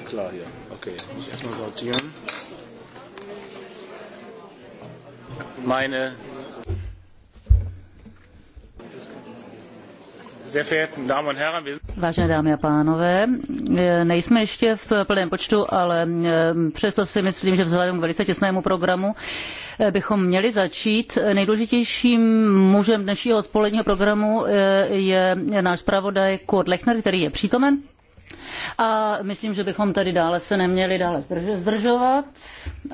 Ist klar hier. Okay, muss erstmal sortieren. Meine Vážené dámy a pánové, eh, nejsme ještě v plném počtu, ale eh, přesto si myslím, že vzhledem k velice těsnému programu eh, bychom měli začít. Nejdůležitějším mužem dnešního odpoledního programu je náš zpravodaj Kurt Lechner, který je přítomen. A myslím, že bychom tady dále se neměli dále zdržovat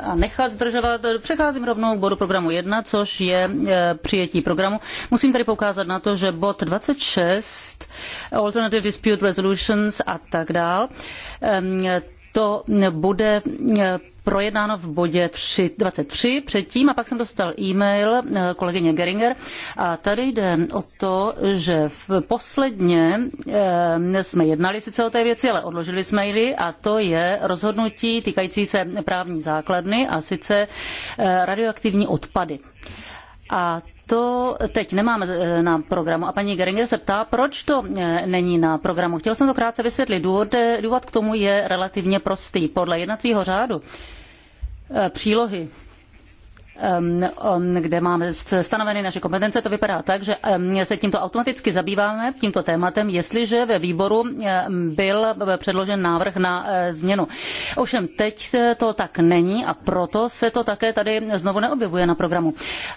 a nechat zdržovat. Přecházím rovnou k bodu programu 1, což je e, přijetí programu. Musím tady poukázat na to, že bod 26, Alternative Dispute Resolutions a tak dál, to bude e, projednáno v bodě 3, 23 předtím a pak jsem dostal e-mail eh, kolegyně Geringer a tady jde o to, že v posledně eh, jsme jednali sice o té věci, ale odložili jsme ji a to je rozhodnutí týkající se právní základny a sice eh, radioaktivní odpady. A to teď nemáme na programu. A paní Geringer se ptá, proč to není na programu. Chtěl jsem to krátce vysvětlit. Důvod, důvod k tomu je relativně prostý. Podle jednacího řádu Eh, přílohy kde máme stanoveny naše kompetence. To vypadá tak, že se tímto automaticky zabýváme, tímto tématem, jestliže ve výboru byl e, předložen návrh na e, změnu. Ovšem teď to tak není a proto se to také tady znovu neobjevuje na programu.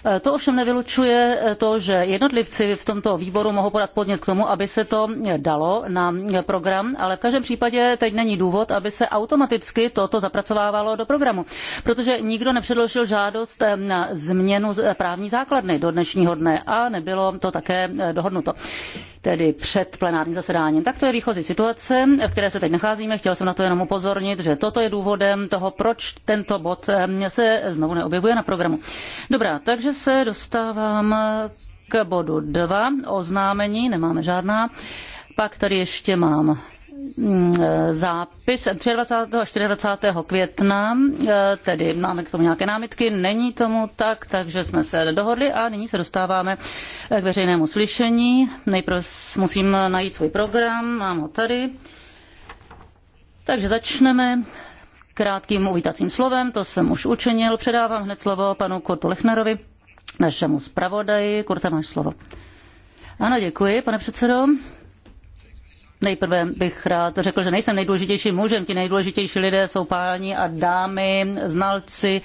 E, to ovšem nevylučuje to, že jednotlivci v tomto výboru mohou podat podnět k tomu, aby se to dalo na program, ale v každém případě teď není důvod, aby se automaticky toto zapracovávalo do programu, protože nikdo nepředložil žádost na změnu právní základny do dnešního dne a nebylo to také eh, dohodnuto tedy před plenárním zasedáním. Tak to je výchozí situace, v které se teď nacházíme. Chtěl jsem na to jenom upozornit, že toto je důvodem toho, proč tento bod eh, se znovu neobjevuje na programu. Dobrá, takže se dostávám eh, k bodu 2, oznámení, nemáme žádná. Pak tady ještě mám Mm, zápis 23. a 24. května, eh, tedy máme k tomu nějaké námitky, není tomu tak, takže jsme se dohodli a nyní se dostáváme eh, k veřejnému slyšení. Nejprve musím najít svůj program, mám ho tady. Takže začneme krátkým uvítacím slovem, to jsem už učinil. Předávám hned slovo panu Kurtu Lechnerovi, našemu zpravodaji. Kurte, máš slovo. Ano, děkuji, pane předsedo. Nejprve bych rád řekl, že nejsem nejdůležitějším mužem. Ti nejdůležitější lidé jsou páni a dámy, znalci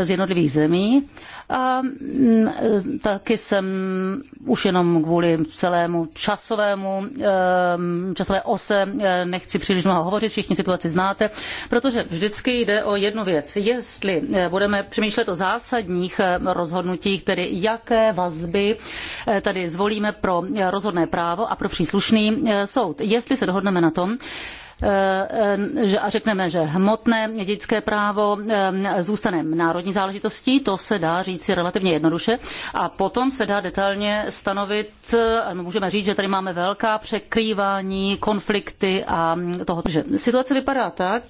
z jednotlivých zemí. A ehm, taky jsem už jenom kvůli celému časovému, ehm, časové ose eh, nechci příliš mnoho hovořit, všichni situaci znáte, protože vždycky jde o jednu věc. Jestli eh, budeme přemýšlet o zásadních eh, rozhodnutích, tedy jaké vazby tady zvolíme pro rozhodné právo a pro příslušný soud. Jestli se dohodneme na tom, Eh, eh, a řekneme, že hmotné dědické právo eh, zůstane národní záležitostí, to se dá říci relativně jednoduše, a potom se dá detailně stanovit, můžeme říct, že tady máme velká překrývání, konflikty a mm, toho. Že situace vypadá tak,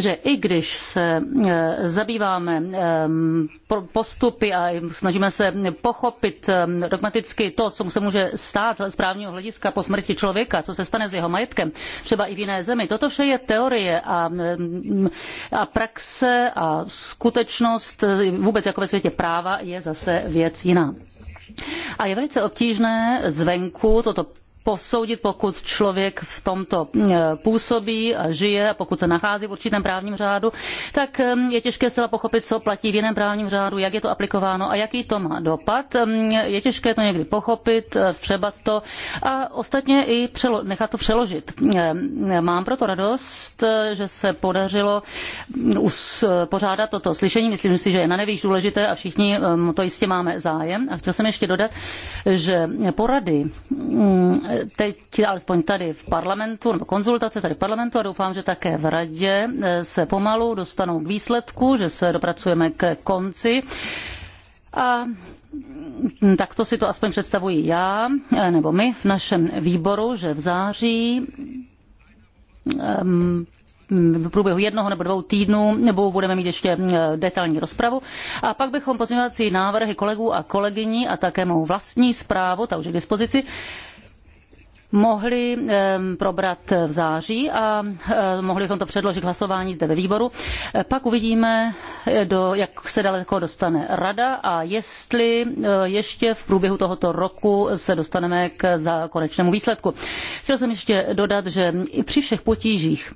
že i když se eh, zabýváme ehm, postupy a snažíme se pochopit ehm, dogmaticky to, co se může stát z právního hlediska po smrti člověka, co se stane s jeho majetkem, třeba i v jiné zemi, toto vše je teorie a, ehm, a praxe a skutečnost eh, vůbec jako ve světě práva je zase věc jiná. A je velice obtížné zvenku toto posoudit, pokud člověk v tomto eh, působí a žije, pokud se nachází v určitém právním řádu, tak eh, je těžké zcela pochopit, co platí v jiném právním řádu, jak je to aplikováno a jaký to má dopad. Ehm, je těžké to někdy pochopit, eh, vstřebat to a ostatně i přelo- nechat to přeložit. Ehm, mám proto radost, že se podařilo mm, pořádat toto slyšení. Myslím si, že je na nevíš, důležité a všichni ehm, to jistě máme zájem. A chtěl jsem ještě dodat, že porady mm, teď alespoň tady v parlamentu, nebo konzultace tady v parlamentu a doufám, že také v radě eh, se pomalu dostanou k výsledku, že se dopracujeme k konci. A mm, takto si to aspoň představuji já, eh, nebo my v našem výboru, že v září um, v průběhu jednoho nebo dvou týdnů nebo budeme mít ještě mm, detailní rozpravu. A pak bychom pozměňovací návrhy kolegů a kolegyní a také mou vlastní zprávu, ta už je k dispozici, mohli probrat v září a mohli bychom to předložit hlasování zde ve výboru. E, pak uvidíme, e, do, jak se daleko dostane rada a jestli e, ještě v průběhu tohoto roku se dostaneme k konečnému výsledku. Chtěl jsem ještě dodat, že i při všech potížích,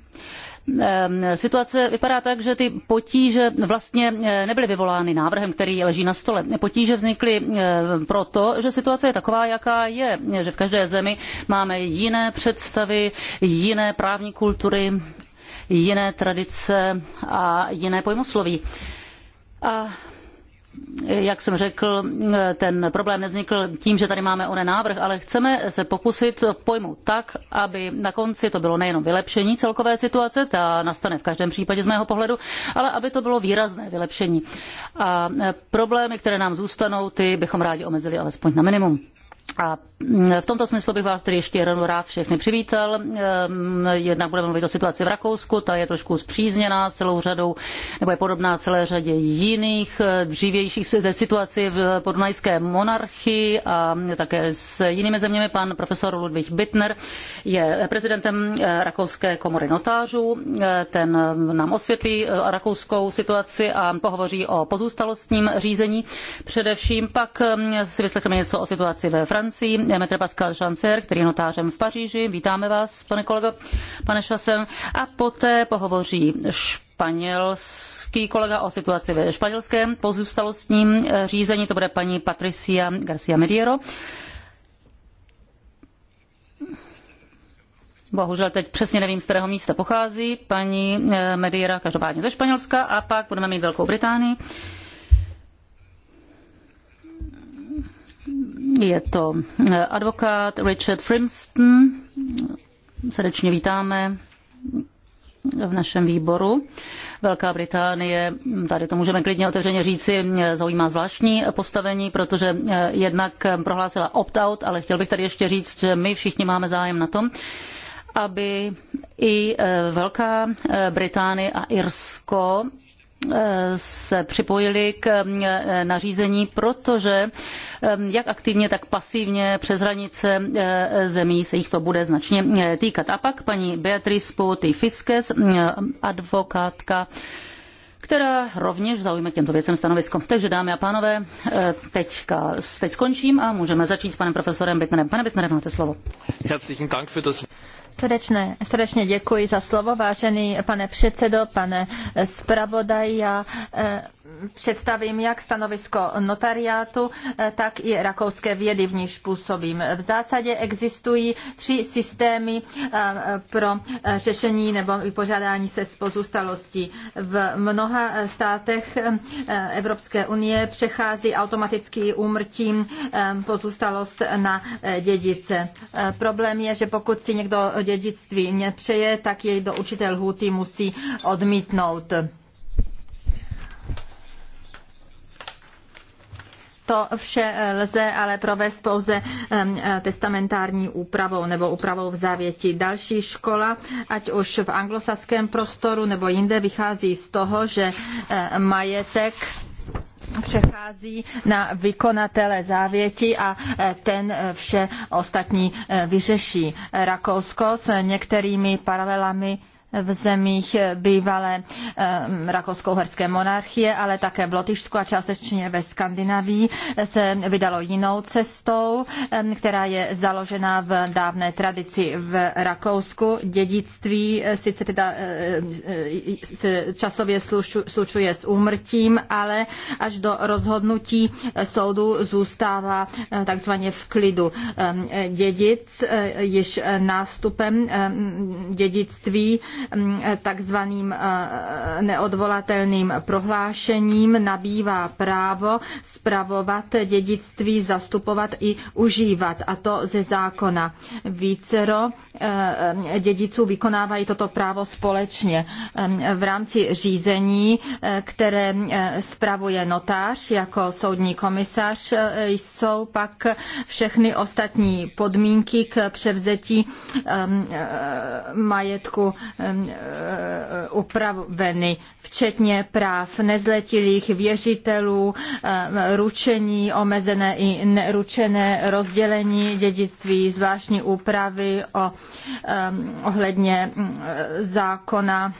Ehm, situace vypadá tak, že ty potíže vlastně eh, nebyly vyvolány návrhem, který leží na stole. Potíže vznikly eh, proto, že situace je taková, jaká je, že v každé zemi máme jiné představy, jiné právní kultury, jiné tradice a jiné pojmosloví. A jak jsem řekl, ten problém nevznikl tím, že tady máme onen návrh, ale chceme se pokusit pojmout tak, aby na konci to bylo nejenom vylepšení celkové situace, ta nastane v každém případě z mého pohledu, ale aby to bylo výrazné vylepšení. A problémy, které nám zůstanou, ty bychom rádi omezili alespoň na minimum. A mm, v tomto smyslu bych vás tedy ještě jednou rád všechny přivítal. Ehm, jednak budeme mluvit o situaci v Rakousku, ta je trošku zpřízněná celou řadou, nebo je podobná celé řadě jiných eh, dřívějších situací v podunajské monarchii a také s jinými zeměmi. Pan profesor Ludvík Bittner je prezidentem eh, Rakouské komory notářů. Eh, ten mm, nám osvětlí rakouskou situaci a pohovoří o pozůstalostním řízení. Především pak ehm, si vyslechneme něco o situaci ve Francii Francii, Metr Pascal Chancer, který je notářem v Paříži. Vítáme vás, pane kolego, pane Šasem. A poté pohovoří španělský kolega o situaci ve španělském pozůstalostním eh, řízení. To bude paní Patricia Garcia Mediero. Bohužel teď přesně nevím, z kterého místa pochází paní eh, Mediera, každopádně ze Španělska, a pak budeme mít Velkou Británii. Je to eh, advokát Richard Frimston. Srdečně vítáme v našem výboru. Velká Británie, tady to můžeme klidně otevřeně říci, zaujímá zvláštní postavení, protože eh, jednak eh, prohlásila opt-out, ale chtěl bych tady ještě říct, že my všichni máme zájem na tom, aby i Velká Británie a Irsko se připojili k mm, nařízení, protože mm, jak aktivně, tak pasivně přes hranice mm, zemí se jich to bude značně týkat. A pak paní Beatrice Pouty Fiskes, advokátka která rovněž zaujme k těmto věcem stanovisko. Takže dámy a pánové, eh, teďka, teď skončím a můžeme začít s panem profesorem Bittnerem. Pane Bittnerem, máte slovo. Herzlichen Dank für das... Srdečné, srdečně děkuji za slovo, vážený pane předsedo, pane zpravodaj. Já eh, představím jak stanovisko notariátu, eh, tak i rakouské vědy, v níž působím. V zásadě existují tři systémy eh, pro eh, řešení nebo vypořádání se s pozůstalostí. V mnoha státech Evropské unie přechází automaticky úmrtím pozůstalost na dědice. Problém je, že pokud si někdo dědictví nepřeje, tak jej do určité lhůty musí odmítnout. To vše lze ale provést pouze e, testamentární úpravou nebo úpravou v závěti. Další škola, ať už v anglosaském prostoru nebo jinde, vychází z toho, že e, majetek přechází na vykonatele závěti a e, ten vše ostatní vyřeší. Rakousko s některými paralelami v zemích bývalé eh, rakousko-uherské monarchie, ale také v Lotyšsku a částečně ve Skandinavii se vydalo jinou cestou, eh, která je založena v dávné tradici v Rakousku. Dědictví eh, sice teda se časově slučuje s úmrtím, ale až do rozhodnutí soudu zůstává takzvaně v klidu. Dědic již nástupem dědictví Mm, takzvaným eh, neodvolatelným prohlášením nabývá právo spravovat dědictví, zastupovat i užívat, a to ze zákona. Vícero eh, dědiců vykonávají toto právo společně eh, v rámci řízení, které spravuje notář jako soudní komisař, jsou pak všechny ostatní podmínky k převzetí majetku Ehm, eh, upraveny, včetně práv nezletilých věřitelů, ehm, ručení, omezené i neručené rozdělení dědictví, zvláštní úpravy o, ehm, ohledně mm, eh, zákona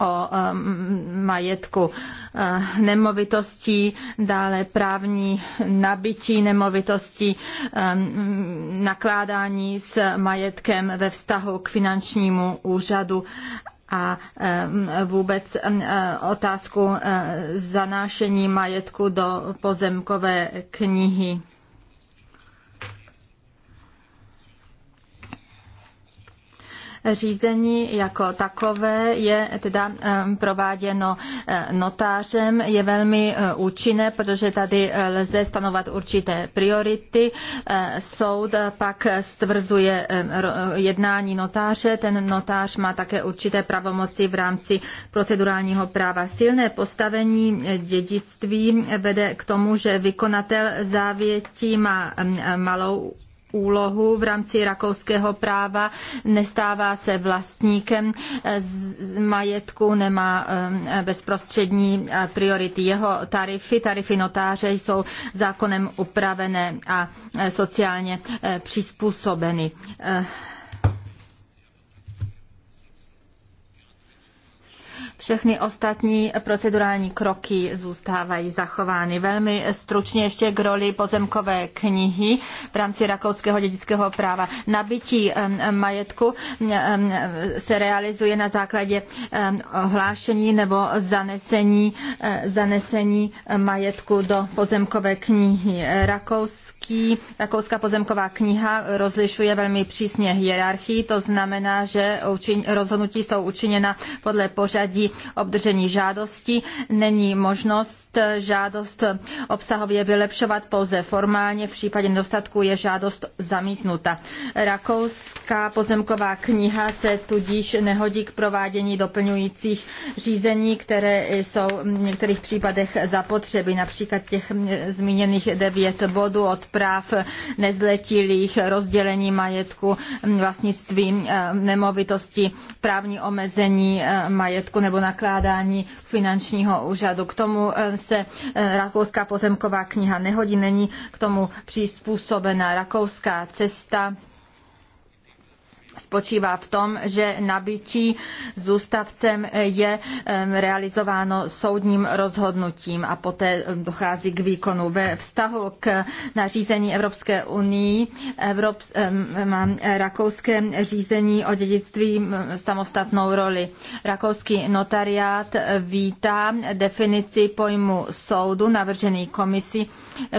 o um, majetku uh, nemovitostí, dále právní nabití nemovitostí, um, nakládání s majetkem ve vztahu k finančnímu úřadu a um, vůbec uh, otázku uh, zanášení majetku do pozemkové knihy. Řízení jako takové je teda prováděno e, notářem, je velmi e, účinné, protože tady e, lze stanovat určité priority. Soud pak stvrzuje jednání notáře, ten notář má také určité pravomoci v rámci procedurálního práva. Silné postavení dědictví vede k tomu, že vykonatel závětí má malou úlohu v rámci rakouského práva, nestává se vlastníkem z majetku, nemá um, bezprostřední eh, priority. Jeho tarify, tarify notáře jsou zákonem upravené a eh, sociálně eh, přizpůsobeny. Všechny ostatní procedurální kroky zůstávají zachovány. Velmi stručně ještě k roli pozemkové knihy v rámci rakouského dědického práva. Nabití majetku se realizuje na základě hlášení nebo zanesení, e, zanesení majetku do pozemkové knihy. Rakouský, Rakouská pozemková kniha rozlišuje velmi přísně hierarchii, to znamená, že rozhodnutí jsou učiněna podle pořadí obdržení žádosti není možnost žádost obsahově vylepšovat pouze formálně, v případě nedostatku je žádost zamítnuta. Rakouská pozemková kniha se tudíž nehodí k provádění doplňujících řízení, které jsou v některých případech zapotřeby, například těch zmíněných devět bodů od práv nezletilých, rozdělení majetku, vlastnictví eh, nemovitosti, právní omezení eh, majetku nebo nakládání finančního úřadu. K tomu eh, se eh, rakouská pozemková kniha nehodí, není k tomu přizpůsobena rakouská cesta spočívá v tom, že nabití zůstavcem je realizováno soudním rozhodnutím a poté dochází k výkonu. Ve vztahu k nařízení Evropské unii Evrops, rakouské řízení o dědictví samostatnou roli. Rakouský notariát vítá definici pojmu soudu navržený komisí,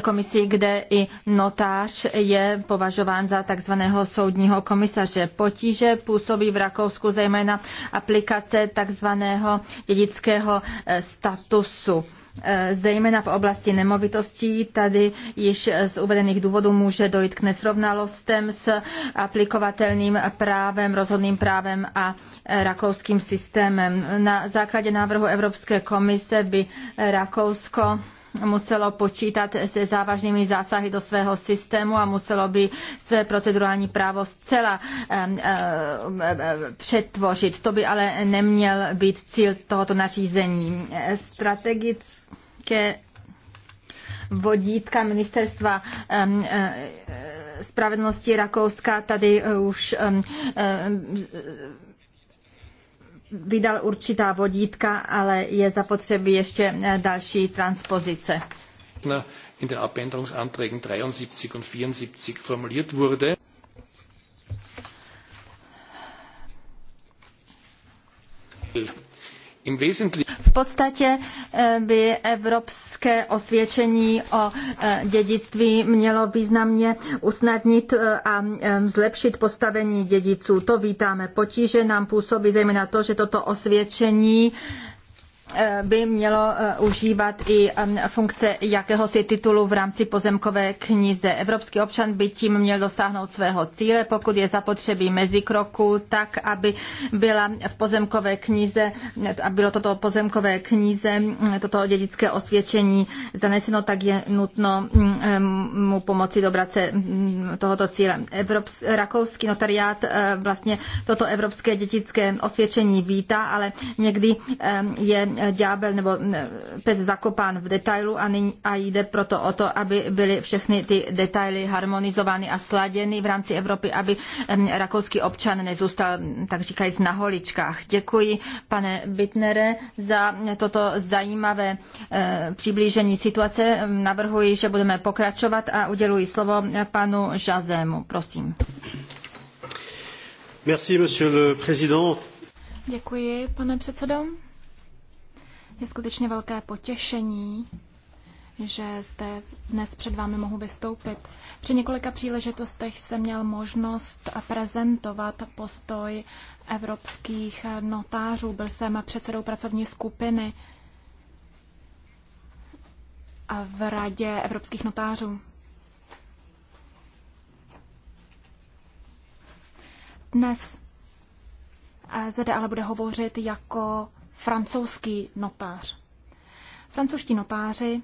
komisí, kde i notář je považován za takzvaného soudního komisaře. Potí potíže působí v Rakousku zejména aplikace takzvaného dědického eh, statusu eh, zejména v oblasti nemovitostí. Tady již eh, z uvedených důvodů může dojít k nesrovnalostem s aplikovatelným právem, rozhodným právem a rakouským systémem. Na základě návrhu Evropské komise by Rakousko muselo počítat se závažnými zásahy do svého systému a muselo by své procedurální právo zcela přetvořit. To by ale neměl být cíl tohoto nařízení. Strategické vodítka ministerstva e, spravedlnosti Rakouska tady už e, vydal určitá vodítka, ale je zapotřebí ještě eh, další transpozice. In den Abänderungsanträgen 73 und 74 formuliert wurde. V podstatě eh, by evropské osvědčení o eh, dědictví mělo významně usnadnit eh, a zlepšit postavení dědiců. To vítáme. Potíže nám působí zejména to, že toto osvědčení Eh, by mělo eh, užívat i funkce jakéhosi titulu v rámci pozemkové knize. Evropský občan by tím měl dosáhnout svého cíle, pokud je zapotřebí kroku, tak, aby byla v pozemkové knize, eh, a bylo toto pozemkové knize, toto dědické osvědčení zaneseno, tak je nutno mm, mu pomoci dobrat se mm, tohoto cíle. Evrops, rakouský notariát vlastně toto evropské dědické osvědčení vítá, ale někdy je ďábel nebo pes zakopán v detailu a, nyní, a jde proto o to, aby byly všechny ty detaily harmonizovány a sladěny v rámci Evropy, aby rakouský občan nezůstal, tak říkajíc, na holičkách. Děkuji, pane Bitnere, za toto zajímavé e, přiblížení situace. Navrhuji, že budeme pokračovat a uděluji slovo panu Žazému. Prosím. Merci, monsieur le président. Děkuji, pane předsedo. Je skutečně velké potěšení, že zde dnes před vámi mohu vystoupit. Při několika příležitostech jsem měl možnost prezentovat postoj evropských notářů. Byl jsem předsedou pracovní skupiny v Radě evropských notářů. Dnes eh, zde ale bude hovořit jako francouzský notář. Francouzští notáři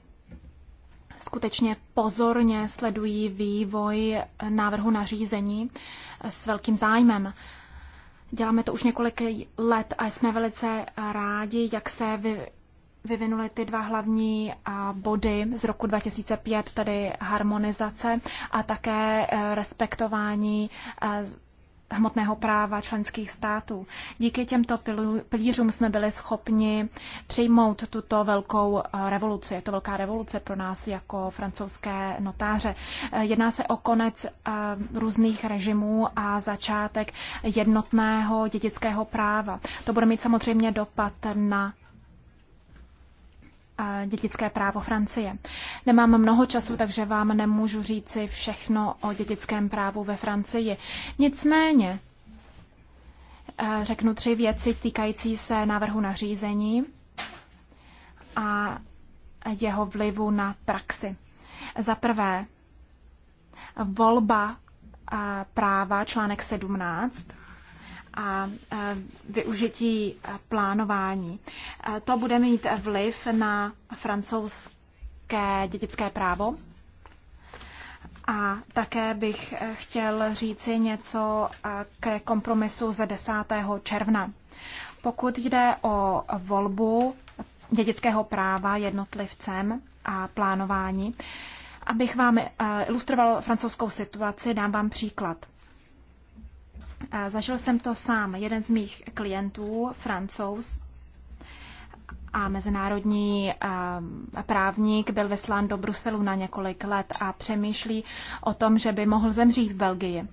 skutečně pozorně sledují vývoj návrhu nařízení s velkým zájmem. Děláme to už několik let a jsme velice rádi, jak se vy, vyvinuly ty dva hlavní body z roku 2005, tedy harmonizace a také e, respektování e, hmotného práva členských států. Díky těmto pilířům jsme byli schopni přijmout tuto velkou eh, revoluci. Je to velká revoluce pro nás jako francouzské notáře. Eh, jedná se o konec eh, různých režimů a začátek jednotného dědického práva. To bude mít samozřejmě dopad na dětické právo Francie. Nemám mnoho času, takže vám nemůžu říci všechno o dětickém právu ve Francii. Nicméně eh, řeknu tři věci týkající se návrhu nařízení a jeho vlivu na praxi. Za prvé, volba eh, práva článek 17 a využití plánování. To bude mít vliv na francouzské dědické právo. A také bych chtěl říci něco ke kompromisu ze 10. června. Pokud jde o volbu dědického práva jednotlivcem a plánování, abych vám ilustroval francouzskou situaci, dám vám příklad. Zažil jsem to sám. Jeden z mých klientů, francouz a mezinárodní právník, byl vyslán do Bruselu na několik let a přemýšlí o tom, že by mohl zemřít v Belgii.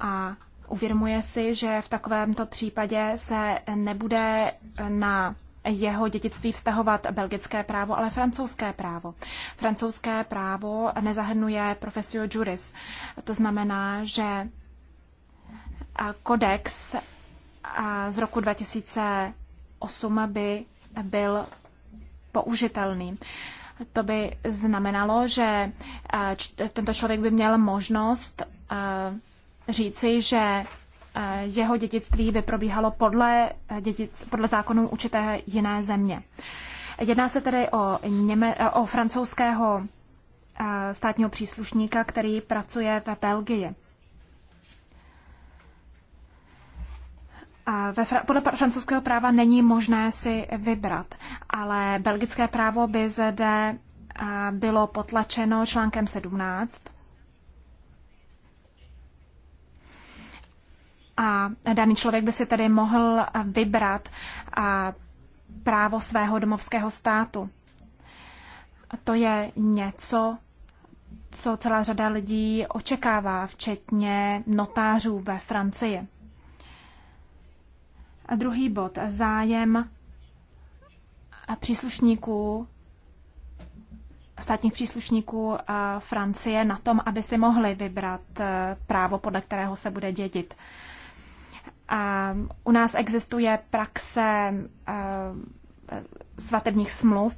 A uvědomuje si, že v takovémto případě se nebude na jeho dědictví vztahovat belgické právo, ale francouzské právo. Francouzské právo nezahrnuje profesio juris. To znamená, že kodex z roku 2008 by byl použitelný. To by znamenalo, že tento člověk by měl možnost říci, že jeho dědictví by probíhalo podle, dědic, podle zákonů určité jiné země. Jedná se tedy o, něme, o francouzského státního příslušníka, který pracuje ve Belgii. Ve, podle francouzského práva není možné si vybrat, ale belgické právo by zde bylo potlačeno článkem 17. A daný člověk by si tedy mohl vybrat právo svého domovského státu. to je něco, co celá řada lidí očekává, včetně notářů ve Francii. A druhý bod, zájem příslušníků, státních příslušníků Francie na tom, aby si mohli vybrat e, právo, podle kterého se bude dědit. A u nás existuje praxe e, svatebních smluv,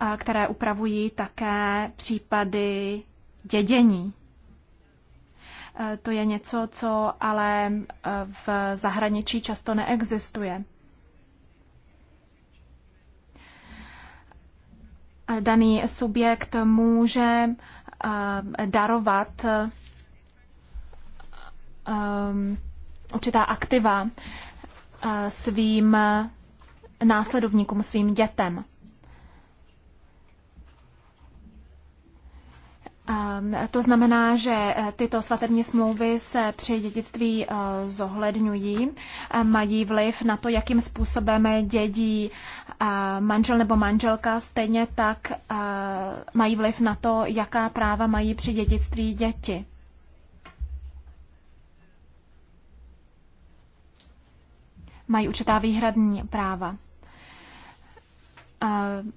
e, které upravují také případy dědění Eh, to je něco, co ale eh, v zahraničí často neexistuje. Eh, daný subjekt může darovat ehm, určitá aktiva svým následovníkům, svým dětem. Ehm, to znamená, že eh, tyto svatební smlouvy se při dědictví eh, zohledňují, eh, mají vliv na to, jakým způsobem dědí manžel nebo manželka, stejně tak mají vliv na to, jaká práva mají při dědictví děti. Mají určitá výhradní práva ehm,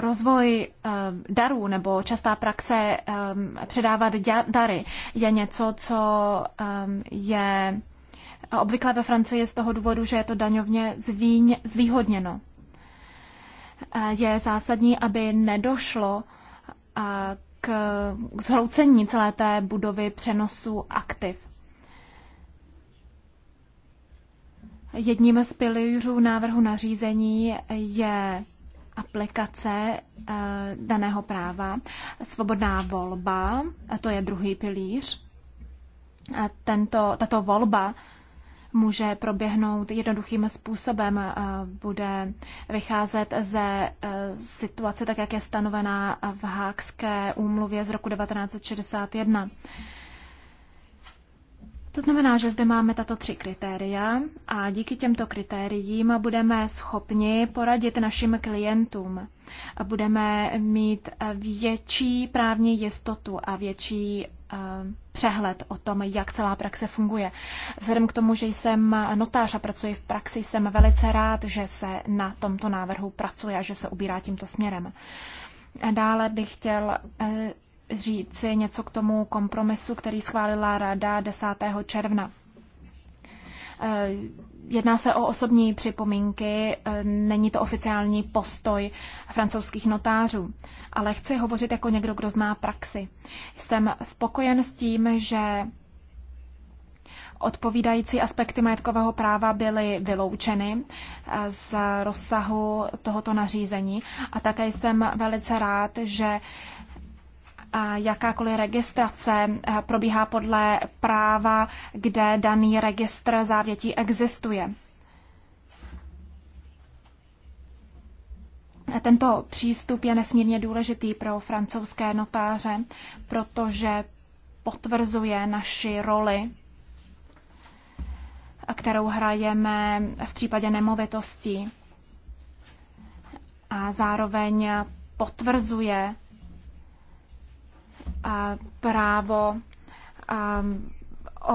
rozvoj eh, darů nebo častá praxe eh, předávat dary je něco, co eh, je obvyklé ve Francii z toho důvodu, že je to daňovně zvýhodněno. Je zásadní, aby nedošlo k zhroucení celé té budovy přenosu aktiv. Jedním z pilířů návrhu nařízení je aplikace eh, daného práva. Svobodná volba, to je druhý pilíř. A tento, tato volba může proběhnout jednoduchým způsobem. Eh, bude vycházet ze eh, situace, tak jak je stanovená v Hákské úmluvě z roku 1961. To znamená, že zde máme tato tři kritéria a díky těmto kritériím budeme schopni poradit našim klientům. a Budeme mít větší právní jistotu a větší eh, přehled o tom, jak celá praxe funguje. Vzhledem k tomu, že jsem notář a pracuji v praxi, jsem velice rád, že se na tomto návrhu pracuje a že se ubírá tímto směrem. Dále bych chtěl eh, říci něco k tomu kompromisu, který schválila Rada 10. června. Eh, jedná se o osobní připomínky, eh, není to oficiální postoj francouzských notářů, ale chci hovořit jako někdo, kdo zná praxi. Jsem spokojen s tím, že odpovídající aspekty majetkového práva byly vyloučeny eh, z rozsahu tohoto nařízení a také jsem velice rád, že jakákoliv registrace eh, probíhá podle práva, kde daný registr závětí existuje. Tento přístup je nesmírně důležitý pro francouzské notáře, protože potvrzuje naši roli, kterou hrajeme v případě nemovitostí. A zároveň potvrzuje právo um,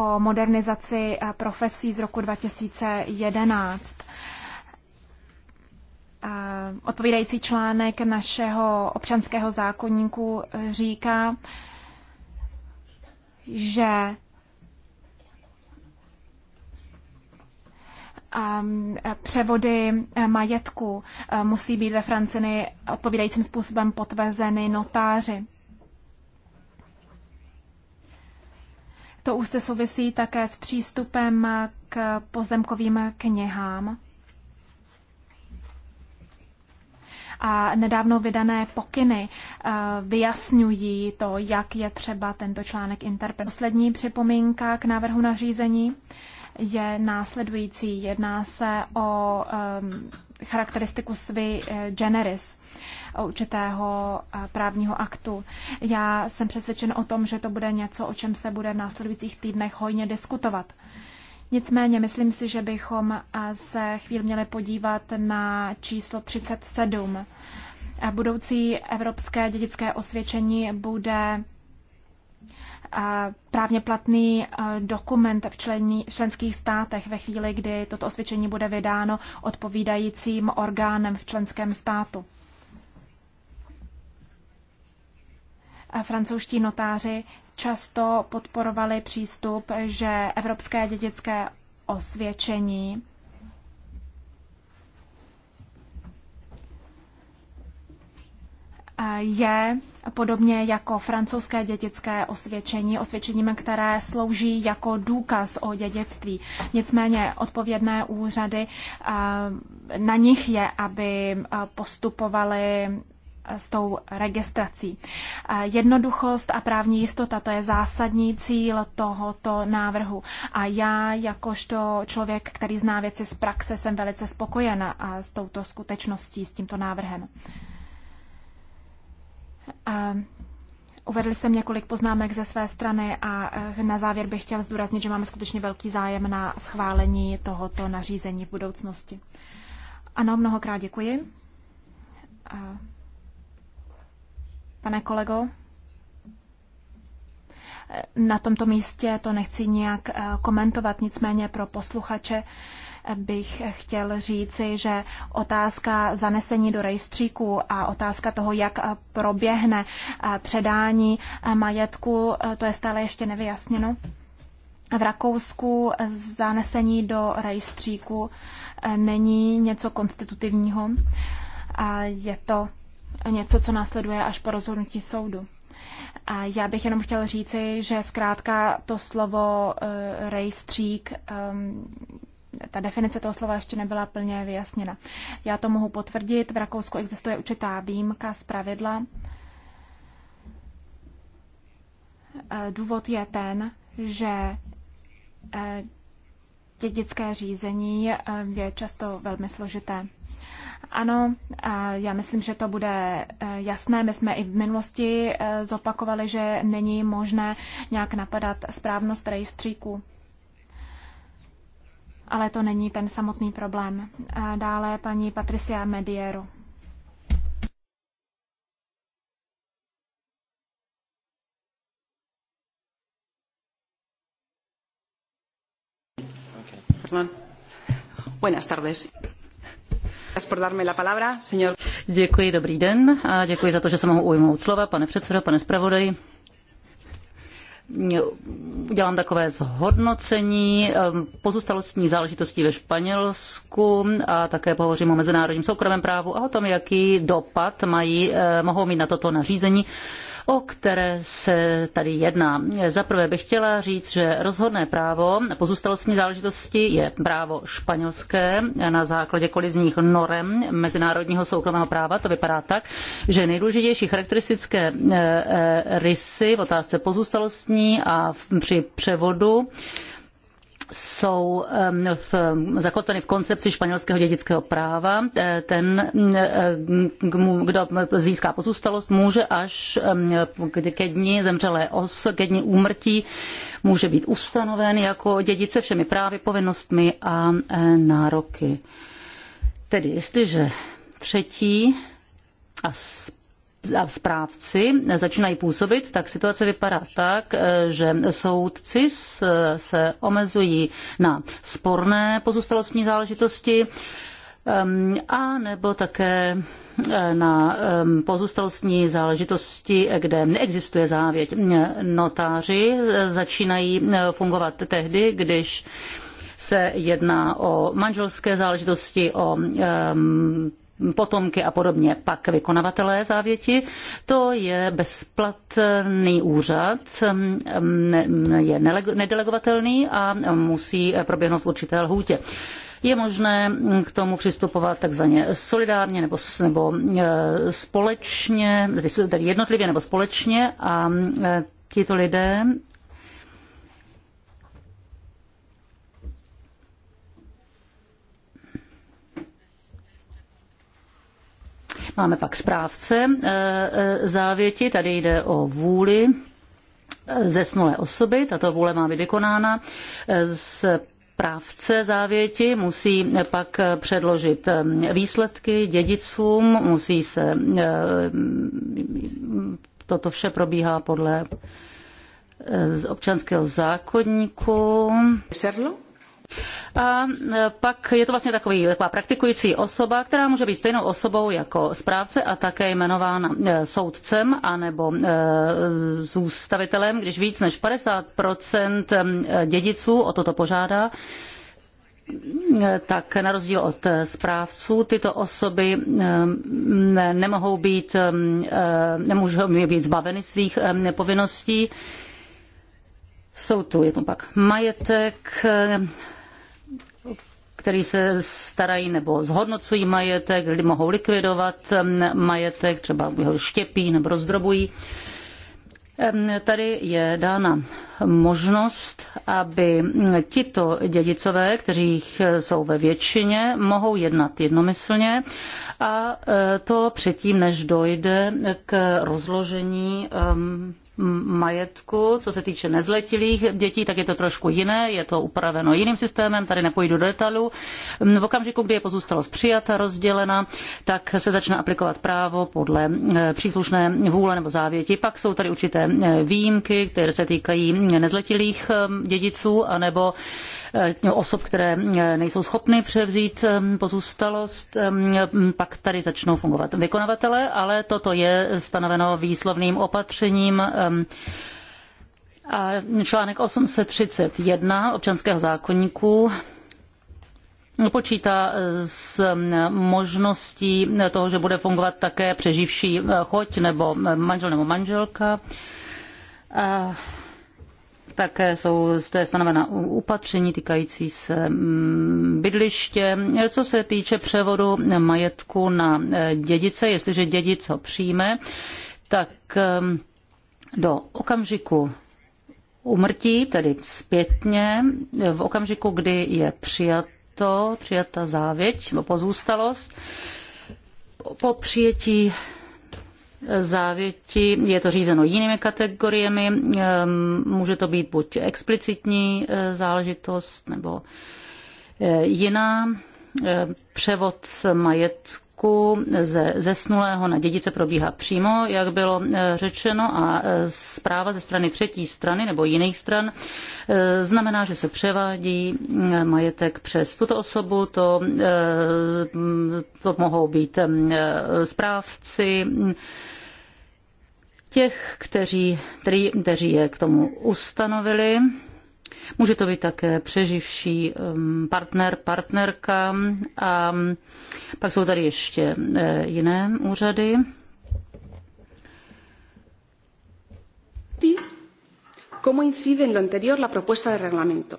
o modernizaci uh, profesí z roku 2011. Uh, odpovídající článek našeho občanského zákonníku říká, že um, převody uh, majetku musí být ve Francii odpovídajícím způsobem potvrzeny notáři. To už se souvisí také s přístupem k pozemkovým knihám. A nedávno vydané pokyny eh, vyjasňují to, jak je třeba tento článek interpretovat. Poslední připomínka k návrhu nařízení je následující. Jedná se o um, charakteristiku svi eh, generis eh, určitého eh, právního aktu. Já jsem přesvědčen o tom, že to bude něco, o čem se bude v následujících týdnech hojně diskutovat. Nicméně myslím si, že bychom se chvíli měli podívat na číslo 37. Budoucí evropské dědické osvědčení bude právně platný e, dokument v, člení, v členských státech ve chvíli, kdy toto osvědčení bude vydáno odpovídajícím orgánem v členském státu. Francouzští notáři často podporovali přístup, že evropské dědické osvědčení je podobně jako francouzské dědické osvědčení, osvědčením, které slouží jako důkaz o dědictví. Nicméně odpovědné úřady, na nich je, aby postupovali s tou registrací. Jednoduchost a právní jistota, to je zásadní cíl tohoto návrhu. A já, jakožto člověk, který zná věci z praxe, jsem velice spokojena s touto skutečností, s tímto návrhem. Uvedl jsem několik poznámek ze své strany a eh, na závěr bych chtěl zdůraznit, že máme skutečně velký zájem na schválení tohoto nařízení v budoucnosti. Ano, mnohokrát děkuji. Pane kolego, eh, na tomto místě to nechci nijak eh, komentovat, nicméně pro posluchače bych chtěl říci, že otázka zanesení do rejstříku a otázka toho, jak proběhne předání majetku, to je stále ještě nevyjasněno. V Rakousku zanesení do rejstříku není něco konstitutivního a je to něco, co následuje až po rozhodnutí soudu. A já bych jenom chtěl říci, že zkrátka to slovo eh, rejstřík ehm, ta definice toho slova ještě nebyla plně vyjasněna. Já to mohu potvrdit, v Rakousku existuje určitá výjimka z pravidla. E, důvod je ten, že e, dědické řízení e, je často velmi složité. Ano, já myslím, že to bude jasné. My jsme i v minulosti zopakovali, že není možné nějak napadat správnost rejstříku ale to není ten samotný problém. A dále paní Patricia Medieru. Buenas tardes. Děkuji, dobrý den a děkuji za to, že se mohu ujmout slova, pane předsedo, pane zpravodaji udělám takové zhodnocení ehm, pozůstalostní záležitostí ve Španělsku a také pohovořím o mezinárodním soukromém právu a o tom, jaký dopad mají, eh, mohou mít na toto nařízení o které se tady jedná. prvé bych chtěla říct, že rozhodné právo pozůstalostní záležitosti je právo španělské na základě kolizních norem mezinárodního soukromého práva. To vypadá tak, že nejdůležitější charakteristické e, e, rysy v otázce pozůstalostní a při převodu jsou v, zakotveny v koncepci španělského dědického práva. E, ten, e, kdo získá pozůstalost, může až ke dni zemřelé os, ke dni úmrtí, může být ustanoven jako dědice všemi právy, povinnostmi a e, nároky. Tedy jestliže třetí a správci začínají působit, tak situace vypadá tak, eh, že soudci se omezují na sporné pozůstalostní záležitosti ehm, a nebo také eh, na ehm, pozůstalostní záležitosti, kde neexistuje závěť. Notáři eh, začínají fungovat tehdy, když se jedná o manželské záležitosti, o um, potomky a podobně. Pak vykonavatelé závěti, to je bezplatný úřad, mm, je nedelegovatelný a musí proběhnout v určité lhůtě je možné k tomu přistupovat takzvaně solidárně nebo, nebo e, společně, tedy jednotlivě nebo společně a e, tito lidé Máme pak správce eh, eh, závěti, tady jde o vůli eh, zesnulé osoby, tato vůle má být vykonána z Právce závěti musí pak předložit výsledky dědicům, musí se toto vše probíhá podle z občanského zákonníku. Serlo? A e, pak je to vlastně takový, taková praktikující osoba, která může být stejnou osobou jako správce a také jmenována e, soudcem anebo e, zůstavitelem, když víc než 50 dědiců o toto požádá tak na rozdíl od správců tyto osoby nemohou být, nemůžou být zbaveny svých povinností. Jsou tu, je to pak majetek, kteří se starají nebo zhodnocují majetek, lidi mohou likvidovat um, majetek, třeba ho štěpí nebo rozdrobují. Um, tady je dána možnost, aby tito dědicové, kteří jsou ve většině, mohou jednat jednomyslně a uh, to předtím, než dojde k rozložení um, majetku, co se týče nezletilých dětí, tak je to trošku jiné, je to upraveno jiným systémem, tady nepůjdu do detailu. V okamžiku, kdy je pozůstalost přijata, rozdělena, tak se začne aplikovat právo podle eh, příslušné vůle nebo závěti. Pak jsou tady určité eh, výjimky, které se týkají nezletilých eh, dědiců, anebo Eh, osob, které eh, nejsou schopny převzít eh, pozůstalost, pak tady začnou fungovat vykonavatele, ale toto je stanoveno výslovným opatřením a článek 831 občanského zákoníku počítá s možností toho, že bude fungovat také přeživší choť nebo manžel nebo manželka. A také jsou zde stanovena upatření týkající se mm, bydliště. Co se týče převodu majetku na e, dědice, jestliže dědic ho přijme, tak e, do okamžiku umrtí, tedy zpětně, v okamžiku, kdy je přijato, přijata závěť nebo pozůstalost, po přijetí závěti. Je to řízeno jinými kategoriemi. Ehm, může to být buď explicitní eh, záležitost nebo eh, jiná. Eh, převod majetku majetku ze zesnulého na dědice probíhá přímo, jak bylo eh, řečeno, a eh, zpráva ze strany třetí strany nebo jiných stran eh, znamená, že se převádí majetek přes tuto osobu, to, to mohou být správci, těch, kteří, který, kteří je k tomu ustanovili Může to být také přeživší um, partner, partnerka a um, pak jsou tady ještě uh, jiné úřady. ¿Cómo incide en lo anterior la propuesta de reglamento?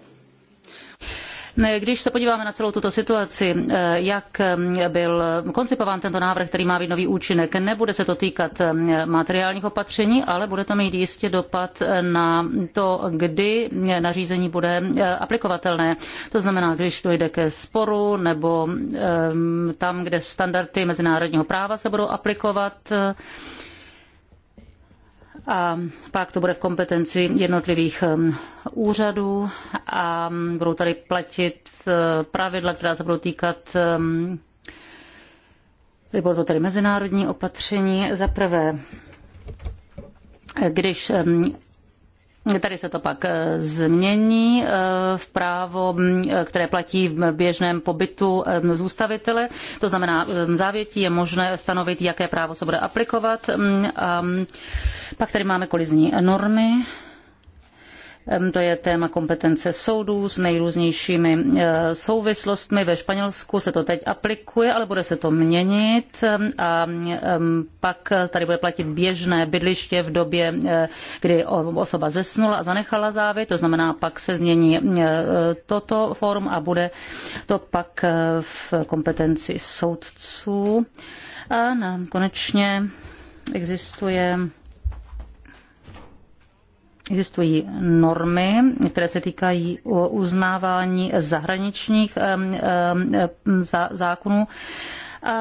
Když se podíváme na celou tuto situaci, eh, jak eh, byl koncipován tento návrh, který má být nový účinek, nebude se to týkat eh, materiálních opatření, ale bude to mít jistě dopad na to, kdy nařízení bude aplikovatelné. To znamená, když dojde ke sporu nebo tam, kde standardy mezinárodního práva se budou aplikovat, a pak to bude v kompetenci jednotlivých um, úřadů a um, budou tady platit uh, pravidla, která se budou týkat um, bylo to tady mezinárodní opatření. Za prvé, když Tady se to pak eh, změní eh, v právo, mm, eh, které platí v běžném pobytu zůstavitele. To znamená, v závětí je možné stanovit, jaké právo se bude aplikovat. Mm, a mm, pak tady máme kolizní normy. To je téma kompetence soudů s nejrůznějšími eh, souvislostmi. Ve Španělsku se to teď aplikuje, ale bude se to měnit a pak tady bude platit běžné bydliště v době, eh, kdy osoba zesnula a zanechala závy, to znamená pak se změní eh, toto form a bude to pak v kompetenci soudců. A na, konečně existuje Existují normy, které se týkají uznávání zahraničních zákonů a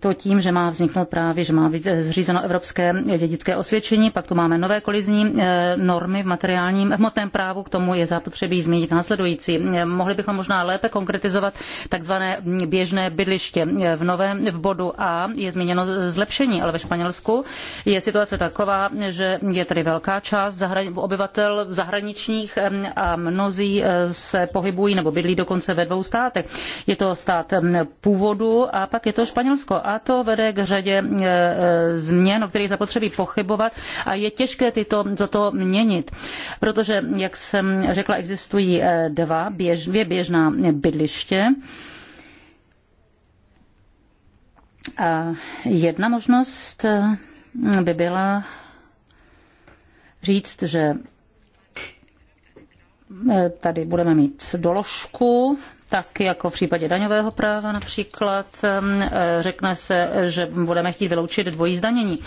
to tím, že má vzniknout právě, že má být eh, zřízeno evropské dědické osvědčení, pak tu máme nové kolizní eh, normy v materiálním v hmotném právu, k tomu je zapotřebí změnit následující. Eh, mohli bychom možná lépe konkretizovat takzvané mm, běžné bydliště. V novém v bodu A je změněno zlepšení, ale ve Španělsku je situace taková, že je tady velká část obyvatel zahraničních a mnozí se pohybují nebo bydlí dokonce ve dvou státech. Je to stát mm, původu a pak je to Španělsko Turecko a to vede k řadě e, e, změn, o kterých zapotřebí pochybovat a je těžké tyto, toto měnit, protože, jak jsem řekla, existují e, dva, běž, dvě běžná bydliště. A jedna možnost by byla říct, že tady budeme mít doložku tak jako v případě daňového práva například e, řekne se, že budeme chtít vyloučit dvojí zdanění.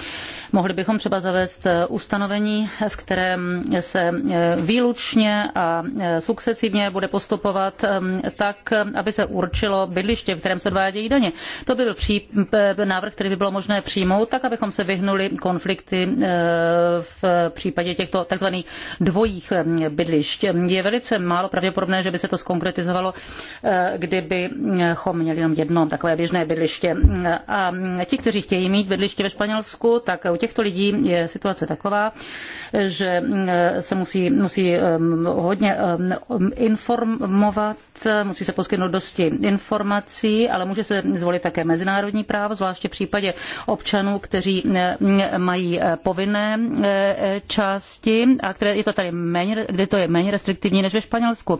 Mohli bychom třeba zavést e, ustanovení, v kterém se e, výlučně a sukcesivně bude postupovat tak, aby se určilo bydliště, v kterém se odvádějí daně. To by byl pří, návrh, který by bylo možné přijmout, tak abychom se vyhnuli konflikty v případě těchto tzv. dvojích bydlišť. Je velice málo pravděpodobné, že by se to skonkretizovalo Eh, kdybychom měli jenom jedno takové běžné bydliště. Eh, a ti, kteří chtějí mít bydliště ve Španělsku, tak u těchto lidí je situace taková, že eh, se musí, musí hodně informovat, musí se poskytnout dosti informací, ale může se zvolit také mezinárodní právo, zvláště v případě občanů, kteří mají povinné části a které je to tady méně, kde to je méně restriktivní než ve Španělsku.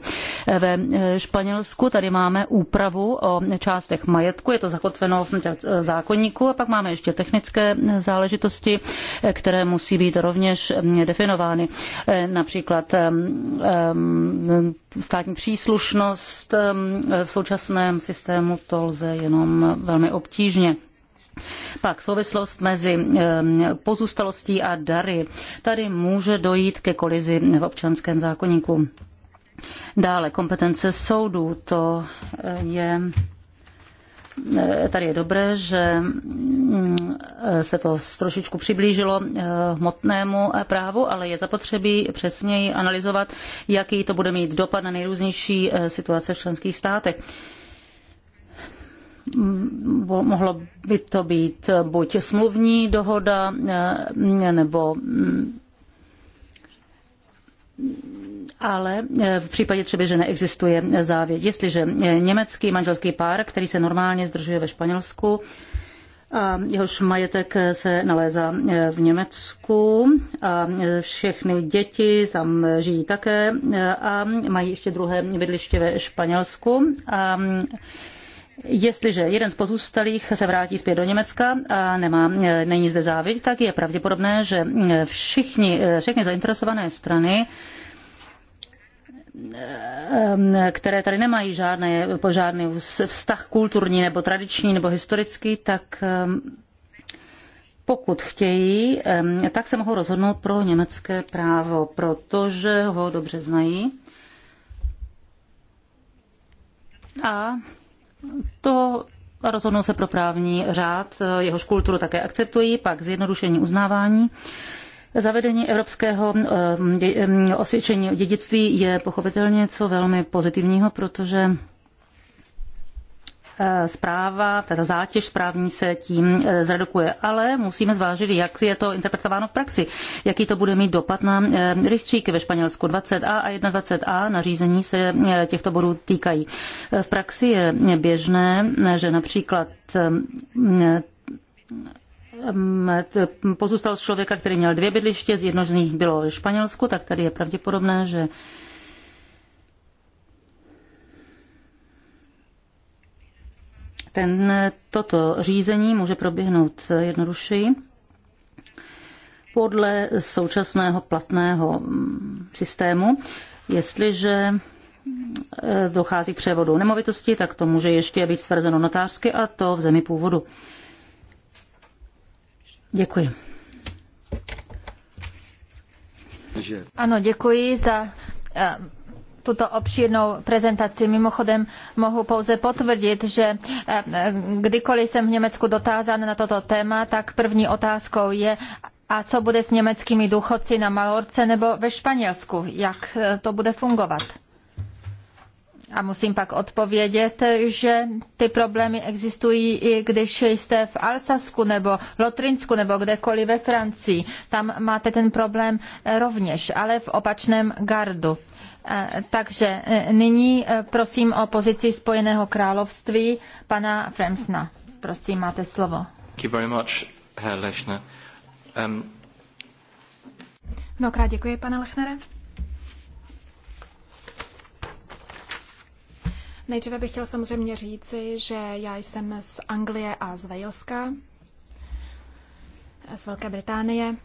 Ve Španělsku Česku. tady máme úpravu o částech majetku, je to zakotveno v zákonníku a pak máme ještě technické záležitosti, které musí být rovněž mm, definovány. E, například e, e, státní příslušnost v současném systému to lze jenom velmi obtížně. Pak souvislost mezi pozůstalostí a dary. Tady může dojít ke kolizi v občanském zákoníku. Dále kompetence soudů, to eh, je eh, tady je dobré, že mm, se to trošičku přiblížilo eh, hmotnému právu, ale je zapotřebí přesněji analyzovat, jaký to bude mít dopad na nejrůznější situace v členských státech mm, mohlo by to být buď smluvní dohoda, nebo mm, ale e, v případě třeba, že neexistuje závěť. Jestliže e, německý manželský pár, který se normálně zdržuje ve Španělsku, a jehož majetek se nalézá e, v Německu a všechny děti tam žijí také a mají ještě druhé bydliště ve Španělsku. A Jestliže jeden z pozůstalých se vrátí zpět do Německa a nemá, není zde závěť, tak je pravděpodobné, že všichni, všechny zainteresované strany Ehm, ehm, které tady nemají žádné, žádný vztah kulturní nebo tradiční nebo historický, tak ehm, pokud chtějí, tak se mohou rozhodnout pro německé právo, protože ho dobře znají. A to rozhodnou se pro právní řád, eh, jehož kulturu také akceptují, pak zjednodušení uznávání. Zavedení evropského eh, eh, osvědčení o dědictví je pochopitelně něco velmi pozitivního, protože eh, zpráva, ta zátěž správní se tím zredukuje. Ale musíme zvážit, jak je to interpretováno v praxi, jaký to bude mít dopad na rejstříky ve Španělsku 20a a 21a. Nařízení se těchto bodů týkají. V praxi je běžné, že například Ehm, z člověka, který měl dvě bydliště, z jedno z nich bylo v Španělsku, tak tady je pravděpodobné, že ten, toto řízení může proběhnout jednodušeji podle současného platného mm, systému. Jestliže eh, dochází k převodu nemovitosti, tak to může ještě být stvrzeno notářsky a to v zemi původu. Děkuji. Ano, děkuji za eh, tuto obšírnou prezentaci. Mimochodem mohu pouze potvrdit, že eh, kdykoliv jsem v Německu dotázán na toto téma, tak první otázkou je, a co bude s německými důchodci na Malorce nebo ve Španělsku? Jak eh, to bude fungovat? a musím pak odpovědět, že ty problémy existují i když jste v Alsasku nebo Lotrinsku nebo kdekoliv ve Francii. Tam máte ten problém eh, rovněž, ale v opačném gardu. Eh, takže eh, nyní prosím o pozici Spojeného království pana Fremsna. Prosím, máte slovo. Um, Mnohokrát děkuji, pane Lechnere. Nejdříve bych chtěl samozřejmě říci, že já jsem z Anglie a z Walesa, z Velké Británie,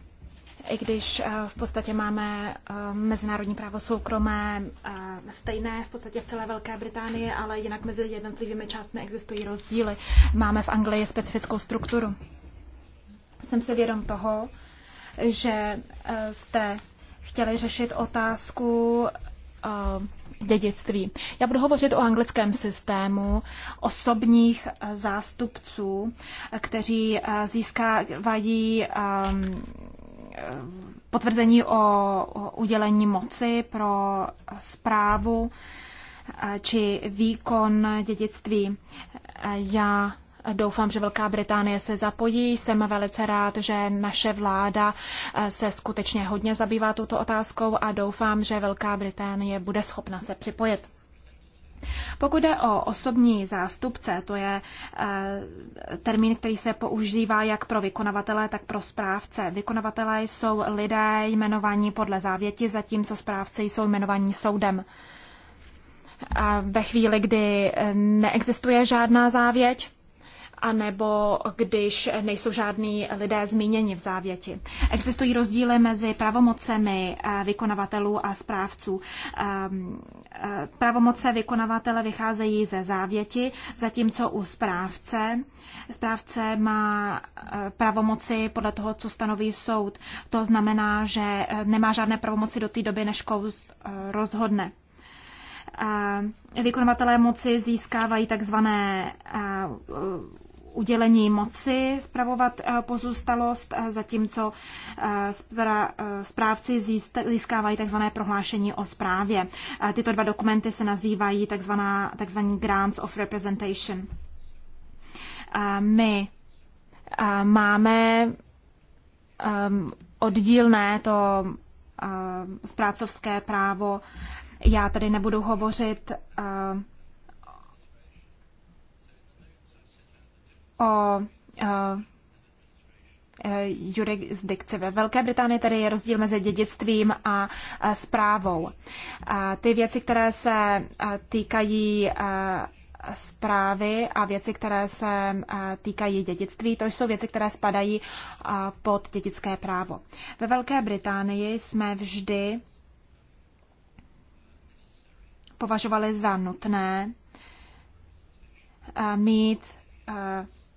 i když eh, v podstatě máme eh, mezinárodní právo soukromé eh, stejné v podstatě v celé Velké Británii, ale jinak mezi jednotlivými částmi existují rozdíly. Máme v Anglii specifickou strukturu. Jsem se vědom toho, že jste chtěli řešit otázku dědictví. Já budu hovořit o anglickém systému osobních eh, zástupců, eh, kteří eh, získávají ehm, potvrzení o udělení moci pro zprávu či výkon dědictví. Já Doufám, že Velká Británie se zapojí. Jsem velice rád, že naše vláda eh, se skutečně hodně zabývá touto otázkou a doufám, že Velká Británie bude schopna se připojit. Pokud jde o osobní zástupce, to je eh, termín, který se používá jak pro vykonavatele, tak pro správce. Vykonavatelé jsou lidé jmenovaní podle závěti, zatímco správci jsou jmenovaní soudem. A ve chvíli, kdy eh, neexistuje žádná závěť, anebo když nejsou žádní lidé zmíněni v závěti. Existují rozdíly mezi pravomocemi eh, vykonavatelů a správců. Ehm, eh, pravomoce vykonavatele vycházejí ze závěti, zatímco u správce správce má eh, pravomoci podle toho, co stanoví soud. To znamená, že nemá žádné pravomoci do té doby, než kouz rozhodne vykonavatelé moci získávají takzvané udělení moci spravovat eh, pozůstalost, eh, zatímco eh, správci získávají tzv. prohlášení o správě. Tyto dva dokumenty se nazývají tzv. tzv. grants of representation. My máme ehm, oddílné to ehm, správcovské právo. Já tady nebudu hovořit ehm, o e, jurisdikci. Ve Velké Británii tedy je rozdíl mezi dědictvím a zprávou. Ty věci, které se týkají zprávy a věci, které se týkají dědictví, to jsou věci, které spadají pod dědické právo. Ve Velké Británii jsme vždy považovali za nutné mít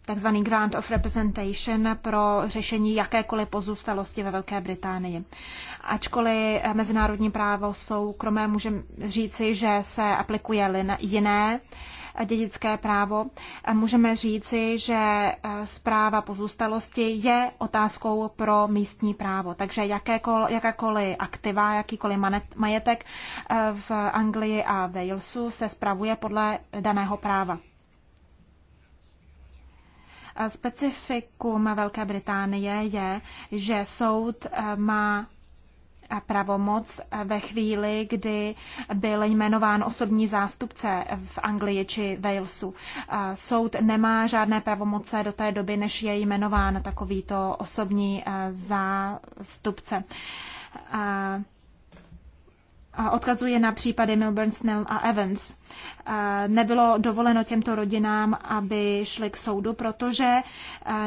takzvaný Grant of Representation pro řešení jakékoliv pozůstalosti ve Velké Británii. Ačkoliv mezinárodní právo jsou, kromě můžeme říci, že se aplikuje jiné dědické právo, můžeme říci, že zpráva eh, pozůstalosti je otázkou pro místní právo. Takže jakékoliv, jakákoliv aktiva, jakýkoliv majetek eh, v Anglii a Walesu se spravuje podle daného práva. Specifikum Velké Británie je, že soud eh, má eh, pravomoc eh, ve chvíli, kdy byl jmenován osobní zástupce v Anglii či Walesu. Soud nemá žádné pravomoce do té doby, než je jmenován takovýto osobní zástupce odkazuje na případy Milburn, Snell a Evans. Nebylo dovoleno těmto rodinám, aby šli k soudu, protože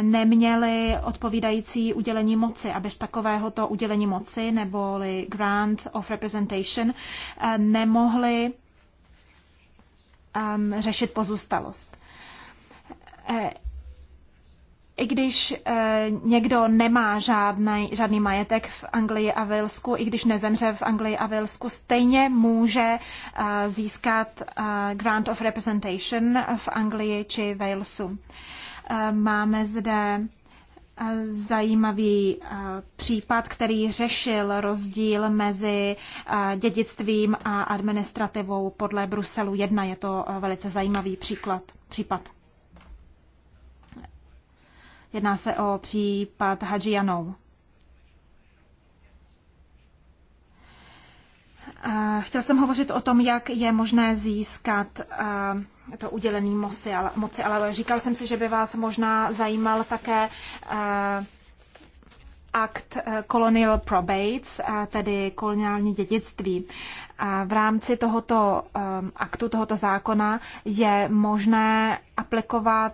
neměli odpovídající udělení moci. A bez takovéhoto udělení moci, neboli grant of representation, nemohli řešit pozůstalost e, i když e, někdo nemá žádný, žádný majetek v Anglii a Velsku, i když nezemře v Anglii a Velsku, stejně může e, získat e, Grant of Representation v Anglii či Walesu. E, máme zde zajímavý případ, který řešil rozdíl mezi dědictvím a administrativou podle Bruselu 1. Je to velice zajímavý příklad, případ. Jedná se o případ Hadžianou. Janou. Chtěl jsem hovořit o tom, jak je možné získat to udělený moci, ale, moci, ale říkal jsem si, že by vás možná zajímal také Act eh, Colonial Probates, eh, tedy koloniální dědictví. V rámci tohoto eh, aktu, tohoto zákona je možné aplikovat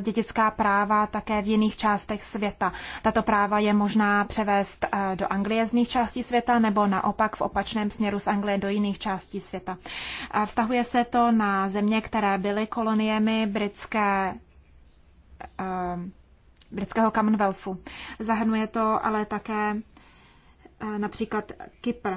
dědická práva také v jiných částech světa. Tato práva je možná převést do Anglie z jiných částí světa nebo naopak v opačném směru z Anglie do jiných částí světa. Vztahuje se to na země, které byly koloniemi britské britského Commonwealthu. Zahrnuje to ale také eh, například Kypr.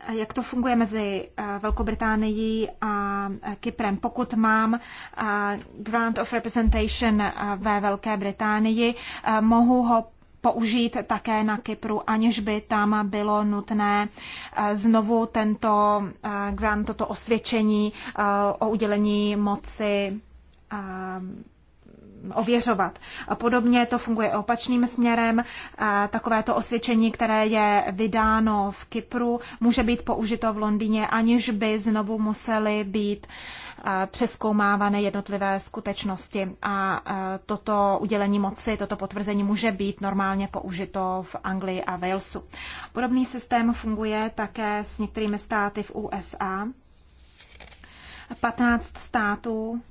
Eh, jak to funguje mezi eh, Velkou Británií a Kyprem? Pokud mám grant of representation ve Velké Británii, mohu ho použít také na Kypru, aniž by tam bylo nutné znovu tento grant, toto osvědčení o udělení moci Mm, ověřovat. A podobně to funguje opačným směrem. Takovéto osvědčení, které je vydáno v Kypru, může být použito v Londýně, aniž by znovu museli být přeskoumávané jednotlivé skutečnosti. A toto udělení moci, toto potvrzení může být normálně použito v Anglii a Walesu. Podobný systém funguje také s některými státy v USA. 15 států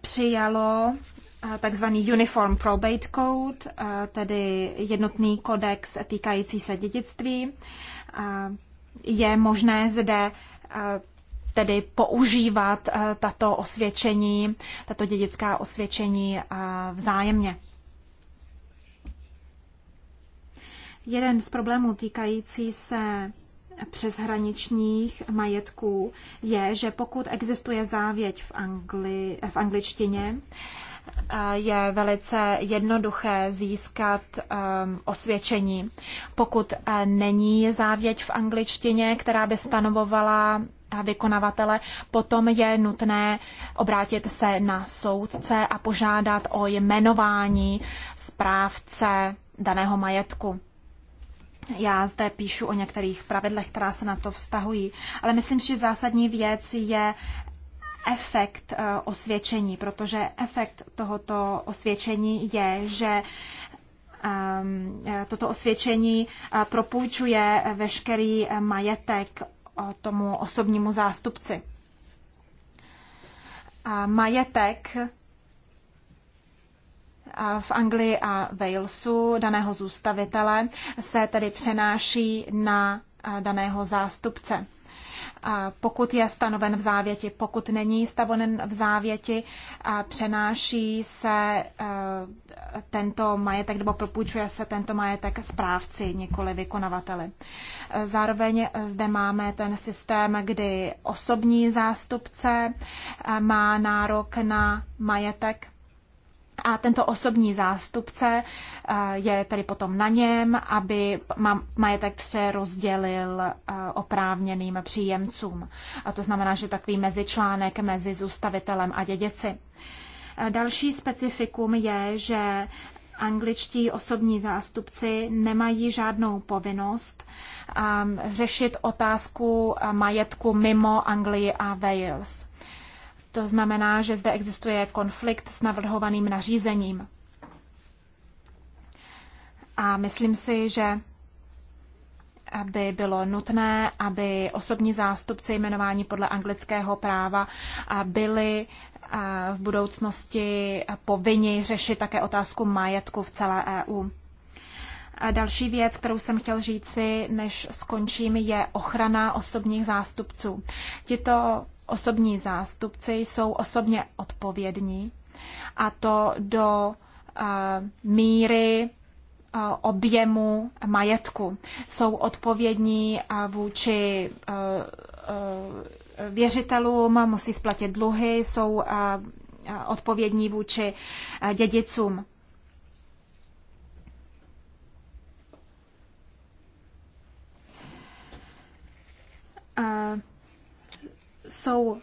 přijalo eh, takzvaný Uniform Probate Code, eh, tedy jednotný kodex týkající se dědictví. Eh, je možné zde tedy používat tato osvědčení, tato dědická osvědčení vzájemně. Jeden z problémů týkající se přeshraničních majetků je, že pokud existuje závěť v, angli, v angličtině, eh, je velice jednoduché získat um, osvědčení. Pokud eh, není závěť v angličtině, která by stanovovala eh, vykonavatele, potom je nutné obrátit se na soudce a požádat o jmenování správce daného majetku. Já zde píšu o některých pravidlech, která se na to vztahují, ale myslím, že zásadní věc je efekt eh, osvědčení, protože efekt tohoto osvědčení je, že ehm, eh, toto osvědčení eh, propůjčuje veškerý majetek tomu osobnímu zástupci. Majetek v Anglii a Walesu daného zůstavitele se tedy přenáší na daného zástupce. Pokud je stanoven v závěti, pokud není stanoven v závěti, přenáší se tento majetek nebo propůjčuje se tento majetek správci, nikoli vykonavateli. Zároveň zde máme ten systém, kdy osobní zástupce má nárok na majetek a tento osobní zástupce eh, je tedy potom na něm, aby majetek přerozdělil eh, oprávněným příjemcům. A to znamená, že takový mezičlánek mezi zůstavitelem a dědici. Eh, další specifikum je, že angličtí osobní zástupci nemají žádnou povinnost řešit otázku majetku mimo Anglii a Wales. To znamená, že zde existuje konflikt s navrhovaným nařízením. A myslím si, že aby bylo nutné, aby osobní zástupci jmenování podle anglického práva byli v budoucnosti povinni řešit také otázku majetku v celé EU. A další věc, kterou jsem chtěl říci, než skončím, je ochrana osobních zástupců. Tito osobní zástupci jsou osobně odpovědní a to do eh, míry eh, objemu majetku. Jsou odpovědní eh, vůči věřitelům, musí splatit dluhy, jsou odpovědní vůči dědicům jsou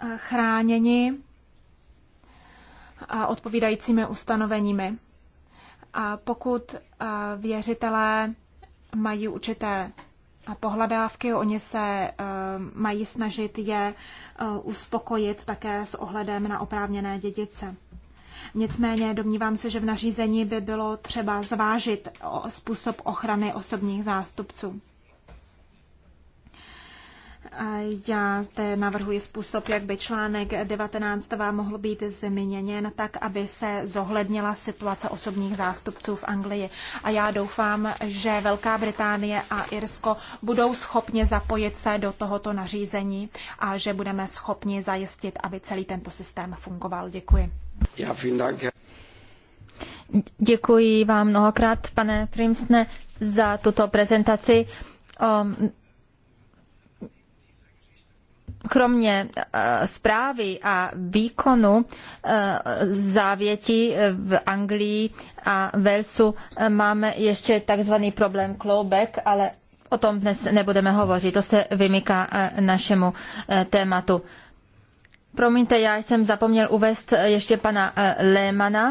eh, chráněni odpovídajícími ustanoveními. A pokud eh, věřitelé mají určité eh, pohledávky, oni se mají snažit je uspokojit také s ohledem na oprávněné dědice. Nicméně domnívám se, že v nařízení by bylo třeba zvážit způsob ochrany osobních zástupců. Já zde navrhuji způsob, jak by článek 19 mohl být změněn tak, aby se zohlednila situace osobních zástupců v Anglii. A já doufám, že Velká Británie a Irsko budou schopni zapojit se do tohoto nařízení a že budeme schopni zajistit, aby celý tento systém fungoval. Děkuji. Já Děkuji vám mnohokrát, pane Primsne, za tuto prezentaci Um, kromě eh, zprávy a výkonu eh, závěti eh, v Anglii a Velsu máme ještě takzvaný problém clawback, ale o tom dnes nebudeme hovořit, to se vymyká našemu tématu. Promiňte, já jsem zapomněl uvést ještě pana Lémana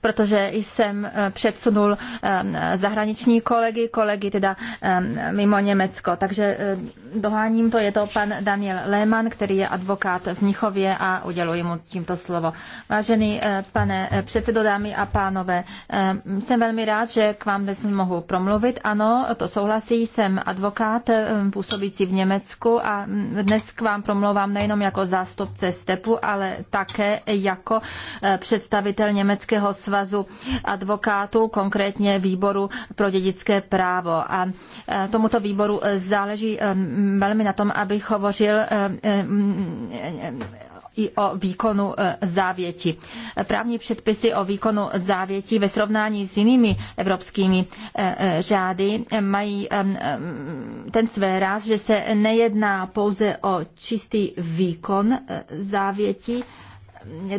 protože jsem eh, předsunul eh, zahraniční kolegy, kolegy teda eh, mimo Německo. Takže doháním to, je to pan Daniel Lehmann, který je advokát v Mnichově a uděluji mu tímto slovo. Vážený pane předsedo, dámy a pánové, jsem velmi rád, že k vám dnes mohu promluvit. Ano, to souhlasí, jsem advokát působící v Německu a mm, dnes k vám promluvám nejenom jako zástupce STEPu, ale také jako představitel německého svazu svazu advokátů, konkrétně výboru pro dědické právo. A e, tomuto výboru e, záleží e, velmi na tom, aby hovořil i o výkonu závěti. Právní předpisy o výkonu závěti ve srovnání s jinými evropskými řády mají ten své ráz, že se nejedná pouze o čistý výkon závěti,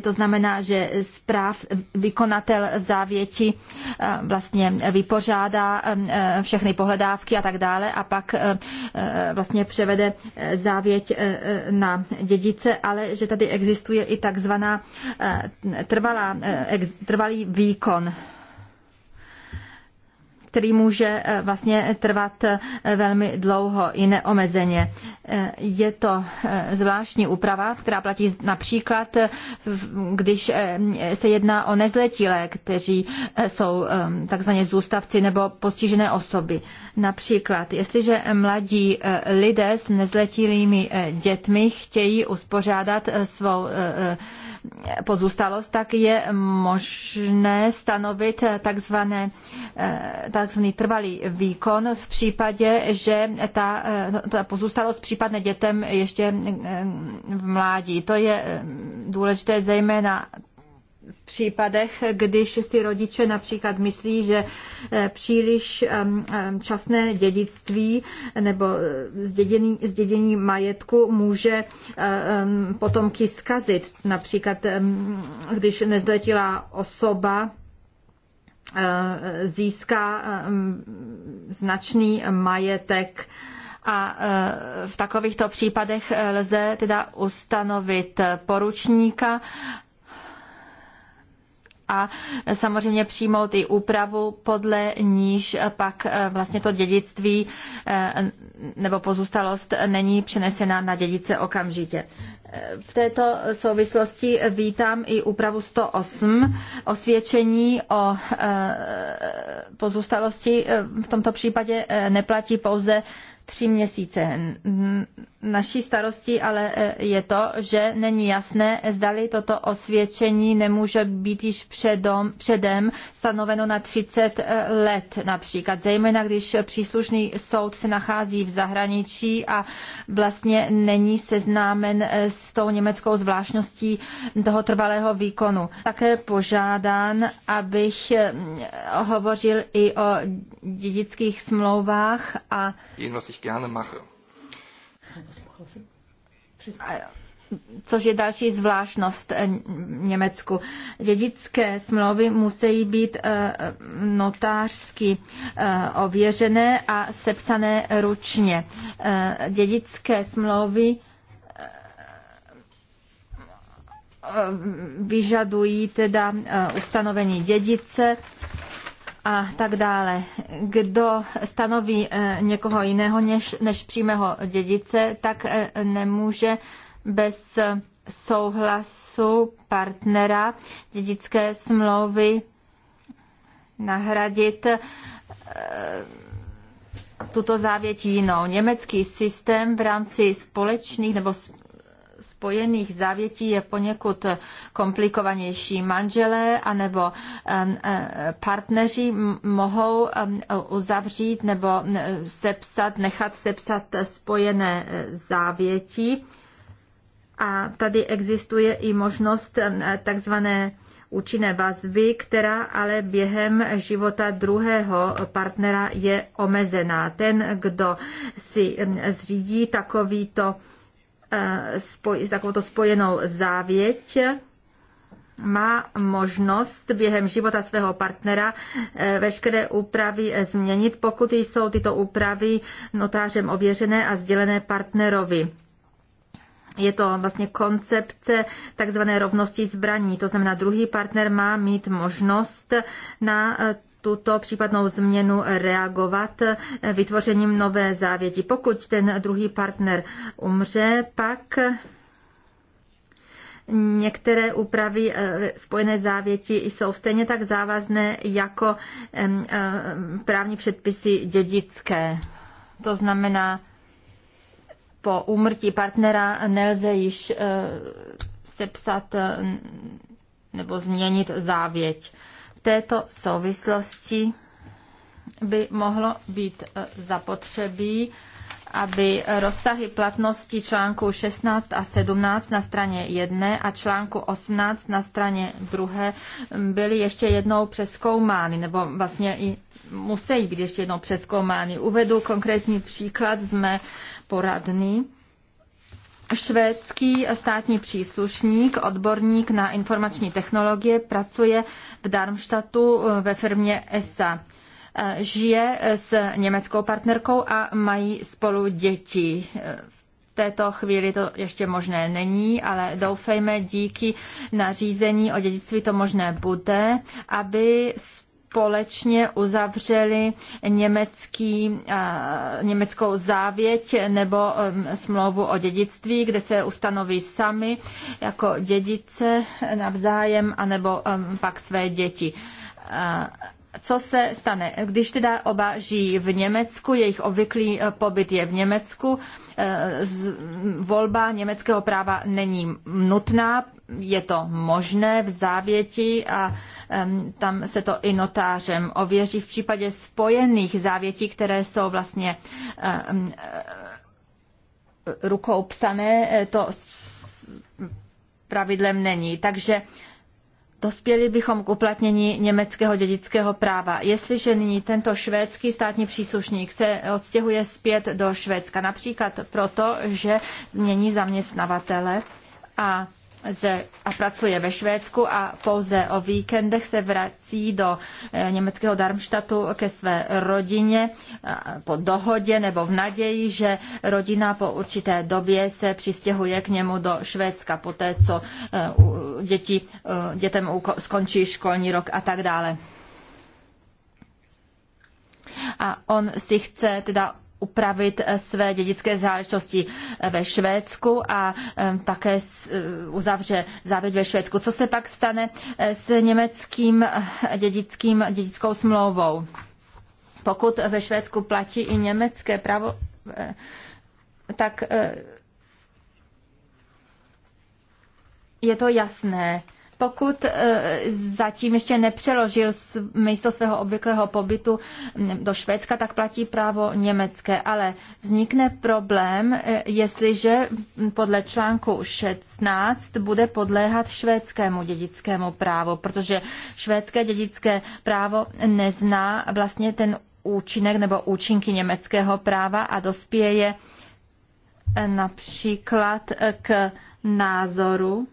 to znamená, že zpráv vykonatel závěti eh, vlastně vypořádá eh, všechny pohledávky a tak dále a pak eh, vlastně převede závěť na dědice, ale že tady existuje i takzvaná trvalá, trvalý výkon který může eh, vlastně trvat eh, velmi dlouho i neomezeně. Eh, je to zvláštní úprava, která platí například, když se jedná o nezletilé, kteří jsou ehm, takzvaně zůstavci nebo postižené osoby. Například, jestliže mladí lidé s nezletilými dětmi chtějí uspořádat svou pozůstalost, tak je možné stanovit takzvané, eh, takzvaný trvalý výkon v případě, že ta, eh, ta pozůstalost případne dětem ještě eh, v mládí. To je důležité zejména případech, když si rodiče například myslí, že eh, příliš časné dědictví nebo eh, zdědění, zdědění majetku může eh, potomky zkazit. Například, když nezletilá osoba získá značný majetek a v takovýchto případech lze teda ustanovit poručníka a samozřejmě přijmout i úpravu, podle níž pak eh, vlastně to dědictví eh, nebo pozůstalost není přenesena na dědice okamžitě. Eh, v této souvislosti vítám i úpravu 108 osvědčení o pozůstalosti. V tomto případě neplatí pouze tři měsíce. Naší starostí ale e, je to, že není jasné, zdali toto osvědčení nemůže být již předom, předem stanoveno na 30 e, let například, zejména když příslušný soud se nachází v zahraničí a vlastně není seznámen e, s tou německou zvláštností toho trvalého výkonu. Také požádán, abych hovořil i o dědických smlouvách a ich gerne mache. Což je další zvláštnost eh, Německu. Dědické smlouvy musí být eh, notářsky eh, ověřené a sepsané ručně. Dědické smlouvy vyžadují teda ustanovení dědice a tak dále. Kdo stanoví eh, někoho jiného než, než přímého dědice, tak eh, nemůže bez souhlasu partnera dědické smlouvy nahradit eh, tuto závěť jinou. Německý systém v rámci společných nebo spojených závětí je poněkud komplikovanější. Manželé anebo e, partneři mohou uzavřít nebo sepsat, nechat sepsat spojené e, závětí. A tady existuje i možnost e, takzvané účinné vazby, která ale během života druhého partnera je omezená. Ten, kdo si zřídí takovýto spoj, takovouto spojenou závěť má možnost během života svého partnera eh, veškeré úpravy eh, změnit, pokud jsou tyto úpravy notářem ověřené a sdělené partnerovi. Je to vlastně koncepce takzvané rovnosti zbraní. To znamená, druhý partner má mít možnost na eh, tuto případnou změnu reagovat vytvořením nové závěti. Pokud ten druhý partner umře, pak některé úpravy eh, spojené závěti jsou stejně tak závazné jako eh, právní předpisy dědické. To znamená, po úmrtí partnera nelze již eh, sepsat nebo změnit závěť této souvislosti by mohlo být e, zapotřebí, aby rozsahy platnosti článku 16 a 17 na straně 1 a článku 18 na straně 2 byly ještě jednou přeskoumány, nebo vlastně i musí být ještě jednou přeskoumány. Uvedu konkrétní příklad z mé poradny. Švédský státní příslušník, odborník na informační technologie, pracuje v Darmstadtu eh, ve firmě ESA. Eh, žije s německou partnerkou a mají spolu děti. Eh, v této chvíli to ještě možné není, ale doufejme díky nařízení o dědictví to možné bude, aby společně uzavřeli německý, německou závěť nebo um, smlouvu o dědictví, kde se ustanoví sami jako dědice navzájem anebo um, pak své děti co se stane, když teda oba žijí v Německu, jejich obvyklý e, pobyt je v Německu, e, volba německého práva není nutná, je to možné v závěti a tam se to i notářem ověří v případě spojených závětí, které jsou vlastně rukou psané, e, to pravidlem není. Takže dospěli bychom k uplatnění německého dědického práva. Jestliže nyní tento švédský státní příslušník se odstěhuje zpět do Švédska, například proto, že změní zaměstnavatele a ze, a pracuje ve Švédsku a pouze o víkendech se vrací do eh, německého Darmstadtu ke své rodině eh, po dohodě nebo v naději, že rodina po určité době se přistěhuje k němu do Švédska po té, co eh, děti, dětem skončí školní rok a tak dále. A on si chce teda upravit eh, své dědické záležitosti eh, ve Švédsku a eh, také uzavře závěť ve Švédsku. Co se pak stane s německým dědickým, dědickou smlouvou? Pokud ve Švédsku platí i německé právo, tak je to jasné pokud e, zatím ještě nepřeložil místo svého obvyklého pobytu do Švédska, tak platí právo německé. Ale vznikne problém, e, jestliže podle článku 16 bude podléhat švédskému dědickému právu, protože švédské dědické právo nezná vlastně ten účinek nebo účinky německého práva a dospěje e, například k názoru,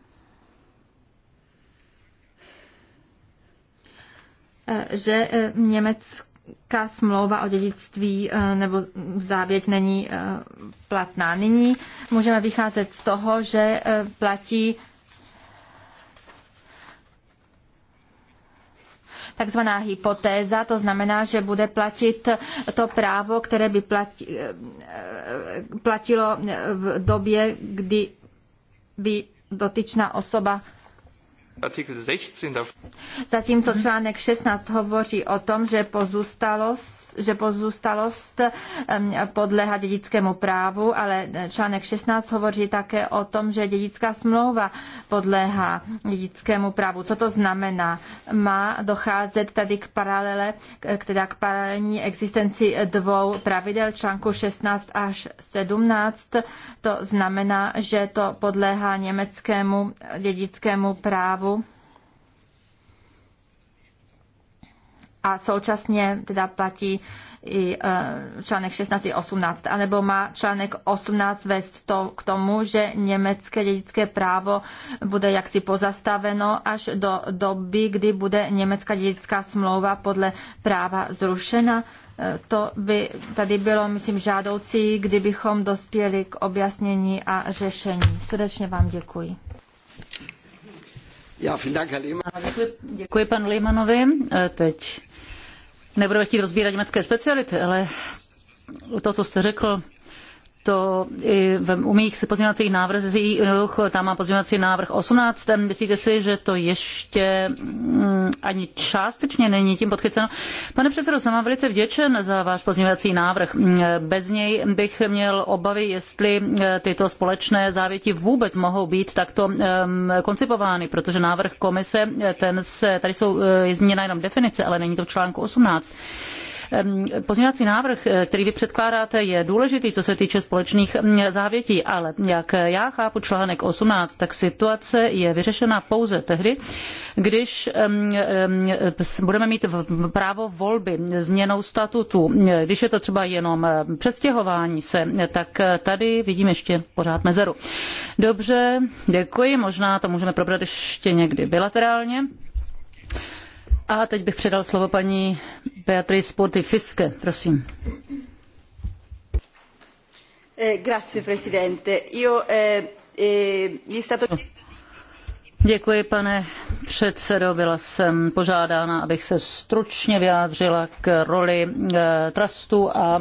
že eh, německá smlouva o dědictví eh, nebo závěť není eh, platná. Nyní můžeme vycházet z toho, že platí takzvaná hypotéza, to znamená, že bude platit to právo, které by platilo v době, kdy by dotyčná osoba Zatímco článek 16 hovoří o tom, že pozůstalost že pozůstalost podlehá dědickému právu, ale článek 16 hovoří také o tom, že dědická smlouva podléhá dědickému právu. Co to znamená? Má docházet tady k paralele, k, teda k paralelní existenci dvou pravidel článku 16 až 17. To znamená, že to podléhá německému dědickému právu a současně teda platí i e, článek 16 i 18, anebo má článek 18 vést to k tomu, že německé dědické právo bude jaksi pozastaveno až do doby, kdy bude německá dědická smlouva podle práva zrušena. E, to by tady bylo, myslím, žádoucí, kdybychom dospěli k objasnění a řešení. Srdečně vám děkuji. Děkuji, panu Lehmanovi. E, teď nebudeme chtít rozbírat německé speciality, ale to, co jste řekl, to i v, u mých pozměňovacích návrzích, tam má pozměňovací návrh 18, myslíte si, že to ještě mm, ani částečně není tím podchyceno? Pane předsedo, jsem vám velice vděčen za váš pozměňovací návrh. Mm, bez něj bych měl obavy, jestli eh, tyto společné závěti vůbec mohou být takto koncipovány, protože návrh komise, eh, ten se, tady jsou, eh, je změna jenom definice, ale není to v článku 18. Pozměňovací návrh, eh, který vy předkládáte, je důležitý, co se týče společných mm, závětí, ale jak já chápu článek 18, tak situace je vyřešena pouze tehdy, když budeme mít právo volby změnou statutu. Když je to třeba jenom eh, přestěhování se, tak eh, tady vidím ještě pořád mezeru. Dobře, děkuji. Možná to můžeme probrat ještě někdy bilaterálně. A teď bych předal slovo paní Beatrice Porty Fiske, prosím. Eh, eh, eh, Děkuji, pane předsedo. Byla jsem požádána, abych se stručně vyjádřila k roli trustu a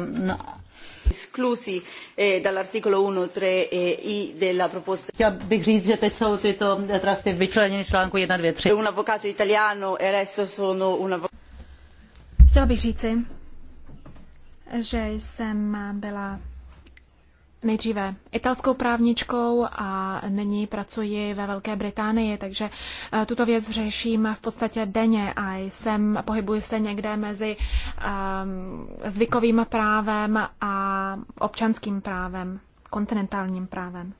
esclusi eh, dall'articolo 1, 3 eh, i della proposta. Chtěl bych říct, že teď jsou tyto trusty vyčleněny článku 1, 2, 3. Un avvocato italiano e resto sono un avvocato. Chtěla bych říci, že jsem byla nejdříve italskou právničkou a nyní pracuji ve Velké Británii, takže eh, tuto věc řeším v podstatě denně a jsem, pohybuji se někde mezi um, zvykovým právem a občanským právem, kontinentálním právem.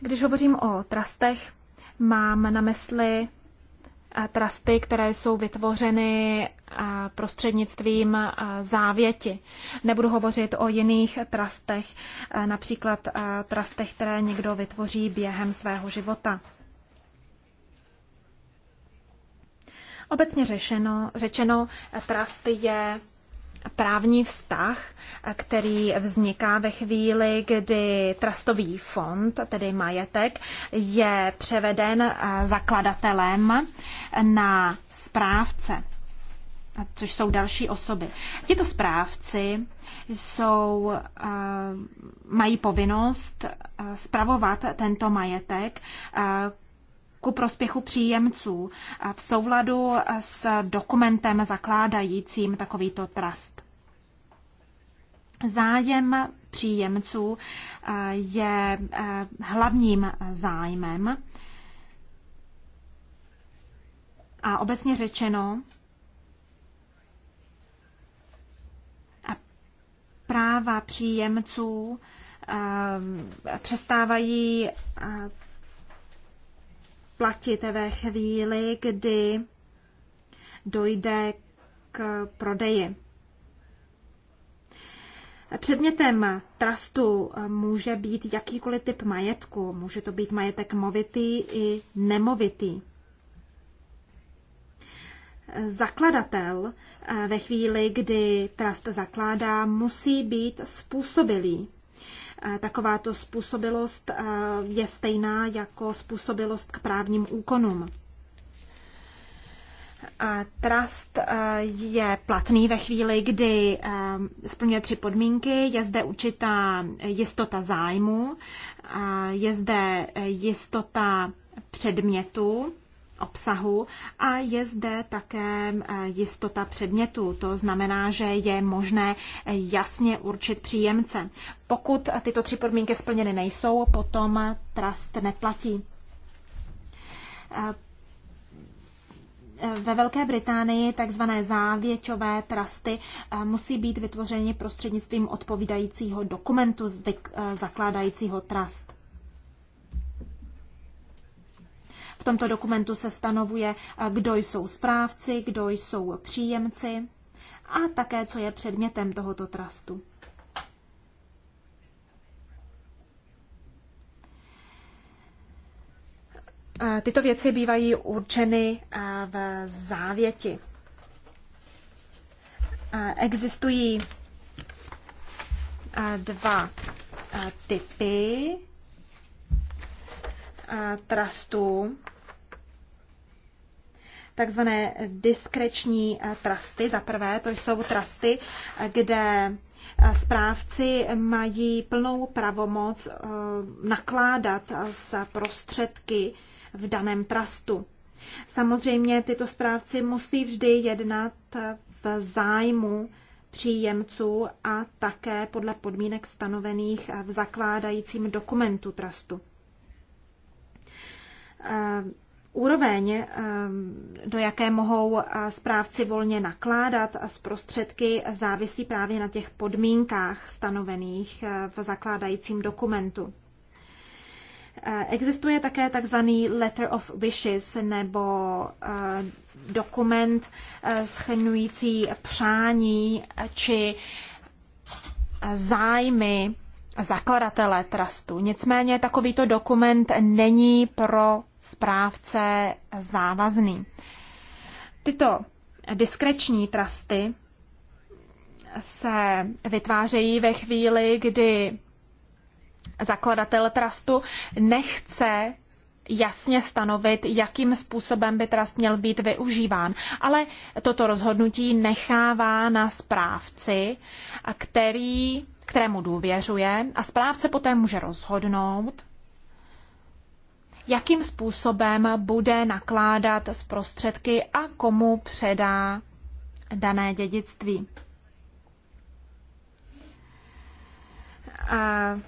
Když hovořím o trastech, mám na mysli trusty, které jsou vytvořeny prostřednictvím závěti. Nebudu hovořit o jiných trastech, například trastech, které někdo vytvoří během svého života. Obecně řešeno, řečeno, trust je právní vztah, který vzniká ve chvíli, kdy trastový fond, tedy majetek, je převeden eh, zakladatelem na správce což jsou další osoby. Tito správci jsou, eh, mají povinnost eh, spravovat tento majetek ku prospěchu příjemců v souladu s dokumentem zakládajícím takovýto trust. Zájem příjemců eh, je eh, hlavním zájmem a obecně řečeno práva příjemců eh, přestávají platit ve chvíli, kdy dojde k prodeji. Předmětem trustu může být jakýkoliv typ majetku. Může to být majetek movitý i nemovitý. Zakladatel eh, ve chvíli, kdy trust zakládá, musí být způsobilý Eh, takováto způsobilost eh, je stejná jako způsobilost k právním úkonům. Eh, trust je platný ve chvíli, kdy splňuje tři podmínky. Je zde určitá jistota zájmu, je zde jistota předmětu obsahu a je zde také eh, jistota předmětu. To znamená, že je možné eh, jasně určit příjemce. Pokud tyto tři podmínky splněny nejsou, potom trust neplatí. Eh, ve Velké Británii tzv. závěťové trusty musí být vytvořeny prostřednictvím odpovídajícího dokumentu zakládajícího trust. V tomto dokumentu se stanovuje, kdo jsou správci, kdo jsou příjemci a také, co je předmětem tohoto trustu. Tyto věci bývají určeny v závěti. Existují dva typy Eh, trustů, takzvané diskreční eh, trusty. Za prvé, to jsou trusty, eh, kde správci mají plnou pravomoc nakládat s prostředky v daném trustu. Samozřejmě tyto správci musí vždy jednat v zájmu příjemců a také podle podmínek stanovených v zakládajícím dokumentu trustu. Eh, úroveň, eh, do jaké mohou eh, správci volně nakládat a prostředky, závisí právě na těch podmínkách stanovených v zakládajícím dokumentu. Existuje také takzvaný letter of wishes nebo dokument schrnující přání či zájmy zakladatele trustu. Nicméně takovýto dokument není pro správce závazný. Tyto diskreční trusty se vytvářejí ve chvíli, kdy zakladatel trustu nechce jasně stanovit, jakým způsobem by trust měl být využíván. Ale toto rozhodnutí nechává na správci, který, kterému důvěřuje a správce poté může rozhodnout, jakým způsobem bude nakládat s prostředky a komu předá dané dědictví. A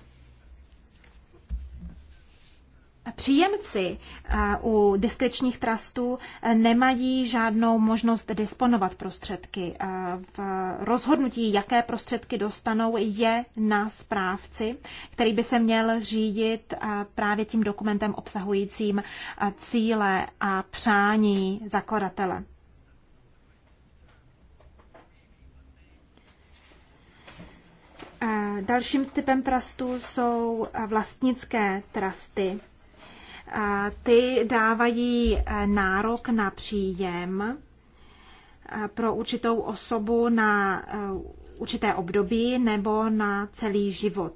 Příjemci eh, u diskrečních trustů eh, nemají žádnou možnost disponovat prostředky. Eh, v rozhodnutí, jaké prostředky dostanou, je na správci, který by se měl řídit právě tím dokumentem obsahujícím cíle a přání zakladatele. Dalším typem trustů jsou vlastnické trusty ty dávají e, nárok na příjem e, pro určitou osobu na e, určité období nebo na celý život.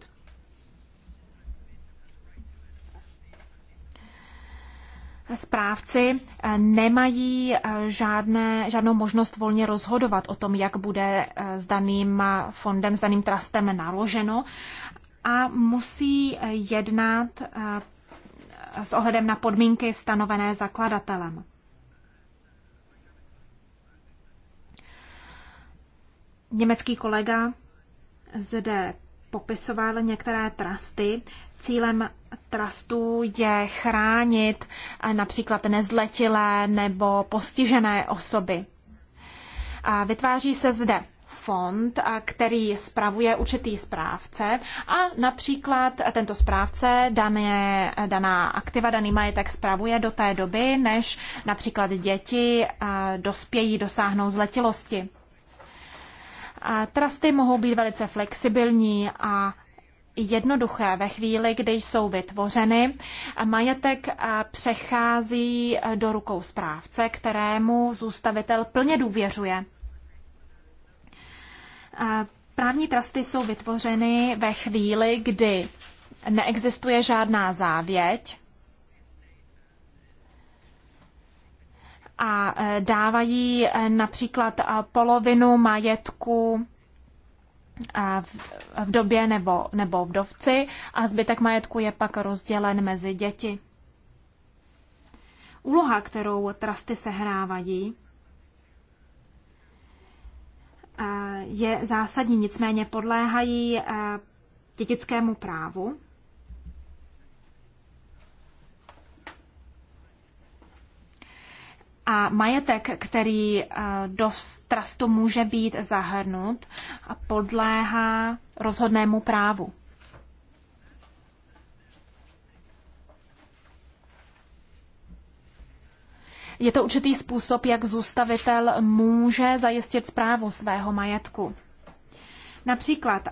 Správci nemají žádné, žádnou možnost volně rozhodovat o tom, jak bude s daným fondem, s daným trustem naloženo a musí jednat s ohledem na podmínky stanovené zakladatelem. Německý kolega zde popisoval některé trasty. Cílem trastů je chránit například nezletilé nebo postižené osoby. A vytváří se zde fond, který spravuje určitý správce a například tento správce dané, daná aktiva, daný majetek spravuje do té doby, než například děti dospějí, dosáhnou zletilosti. A trusty mohou být velice flexibilní a jednoduché ve chvíli, kdy jsou vytvořeny. Majetek přechází e, do rukou správce, kterému zůstavitel plně důvěřuje. Právní trusty jsou vytvořeny ve chvíli, kdy neexistuje žádná závěť a e, dávají e, například e, polovinu majetku v době nebo, nebo vdovci a zbytek majetku je pak rozdělen mezi děti. Úloha, kterou trusty sehrávají, je zásadní, nicméně podléhají eh, dědickému právu. A majetek, který eh, do trastu může být zahrnut, podléhá rozhodnému právu. Je to určitý způsob, jak zůstavitel může zajistit zprávu svého majetku. Například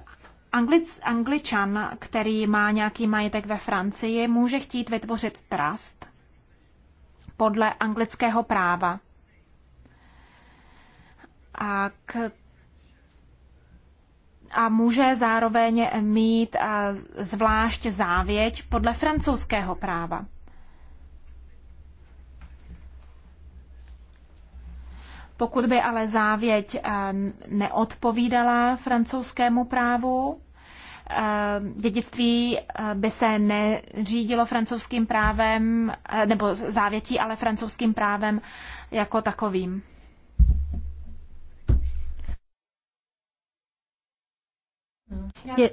Anglic, Angličan, který má nějaký majetek ve Francii, může chtít vytvořit trust podle anglického práva. A, k, a může zároveň mít a, zvlášť závěť podle francouzského práva. Pokud by ale závěť eh, neodpovídala francouzskému právu, eh, dědictví eh, by se neřídilo francouzským právem, nebo závětí, ale francouzským právem jako takovým. Je...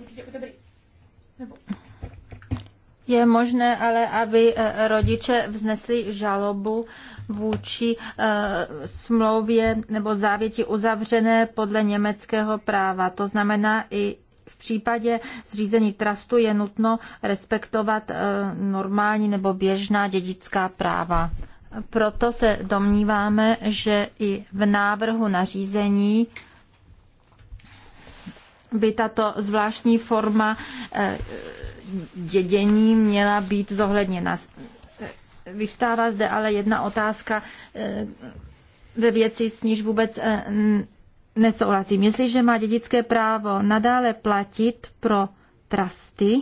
Je možné ale, aby eh, rodiče vznesli žalobu vůči eh, smlouvě nebo závěti uzavřené podle německého práva. To znamená i v případě zřízení trastu je nutno respektovat eh, normální nebo běžná dědická práva. Proto se domníváme, že i v návrhu nařízení by tato zvláštní forma dědění měla být zohledněna. Vyvstává zde ale jedna otázka eh, ve věci, s níž vůbec eh, nesouhlasím. Jestliže má dědické právo nadále platit pro trusty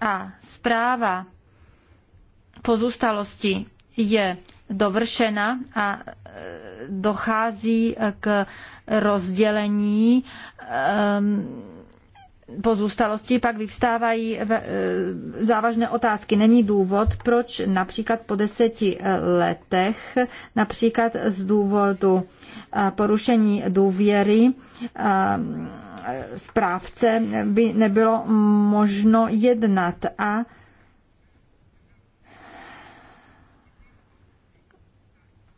a zpráva pozůstalosti je dovršena a e, dochází e, k rozdělení ehm, pozůstalosti, pak vyvstávají e, závažné otázky. Není důvod, proč například po deseti letech, například z důvodu porušení důvěry správce by nebylo možno jednat a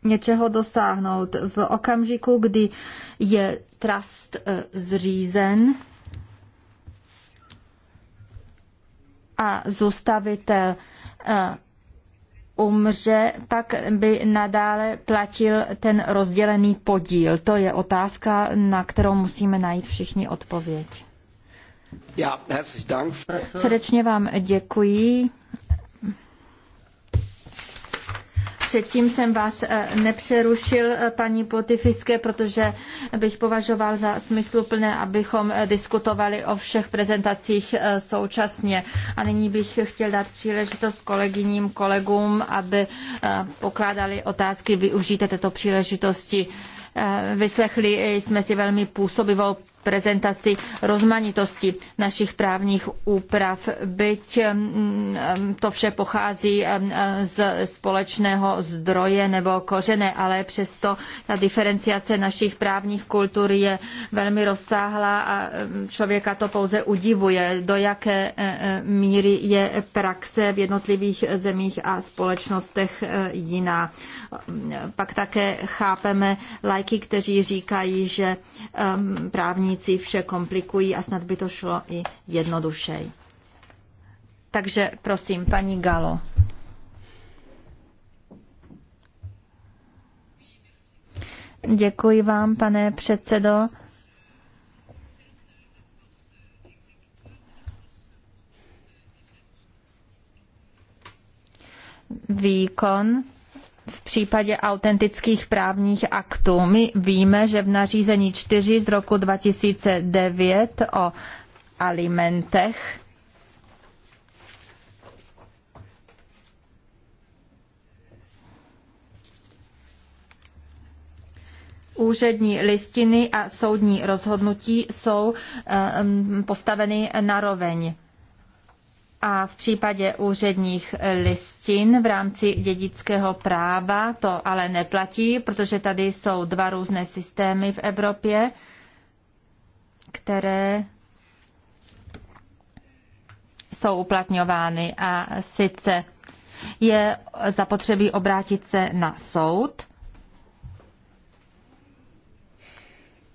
něčeho dosáhnout. V okamžiku, kdy je trust eh, zřízen a zůstavitel eh, umře, pak by nadále platil ten rozdělený podíl. To je otázka, na kterou musíme najít všichni odpověď. Ja, herzlichen Dank. Srdečně vám děkuji předtím jsem vás eh, nepřerušil, eh, paní Potifiske, protože bych považoval za smysluplné, abychom eh, diskutovali o všech prezentacích současně. A nyní bych chtěl dát příležitost kolegyním, kolegům, aby pokládali otázky. Využijte této příležitosti. Vyslechli jsme si velmi působivou prezentaci rozmanitosti našich právních úprav, byť mm, mm, to vše pochází mm, z společného zdroje nebo kořené, ale přesto ta diferenciace našich právních kultur je velmi rozsáhlá a člověka to pouze udivuje, do jaké e, e, míry je praxe v jednotlivých zemích a společnostech e, jiná. Pak také chápeme lajky, kteří říkají, že právní právníci vše komplikují a snad by to šlo i jednodušej. Takže prosím, paní Galo. Děkuji vám, pane předsedo. Výkon v případě autentických právních aktů. My víme, že v nařízení 4 z roku 2009 o alimentech úřední listiny a soudní rozhodnutí jsou eh, postaveny na roveň. A v případě úředních listin v rámci dědického práva to ale neplatí, protože tady jsou dva různé systémy v Evropě, které jsou uplatňovány. A sice je zapotřebí obrátit se na soud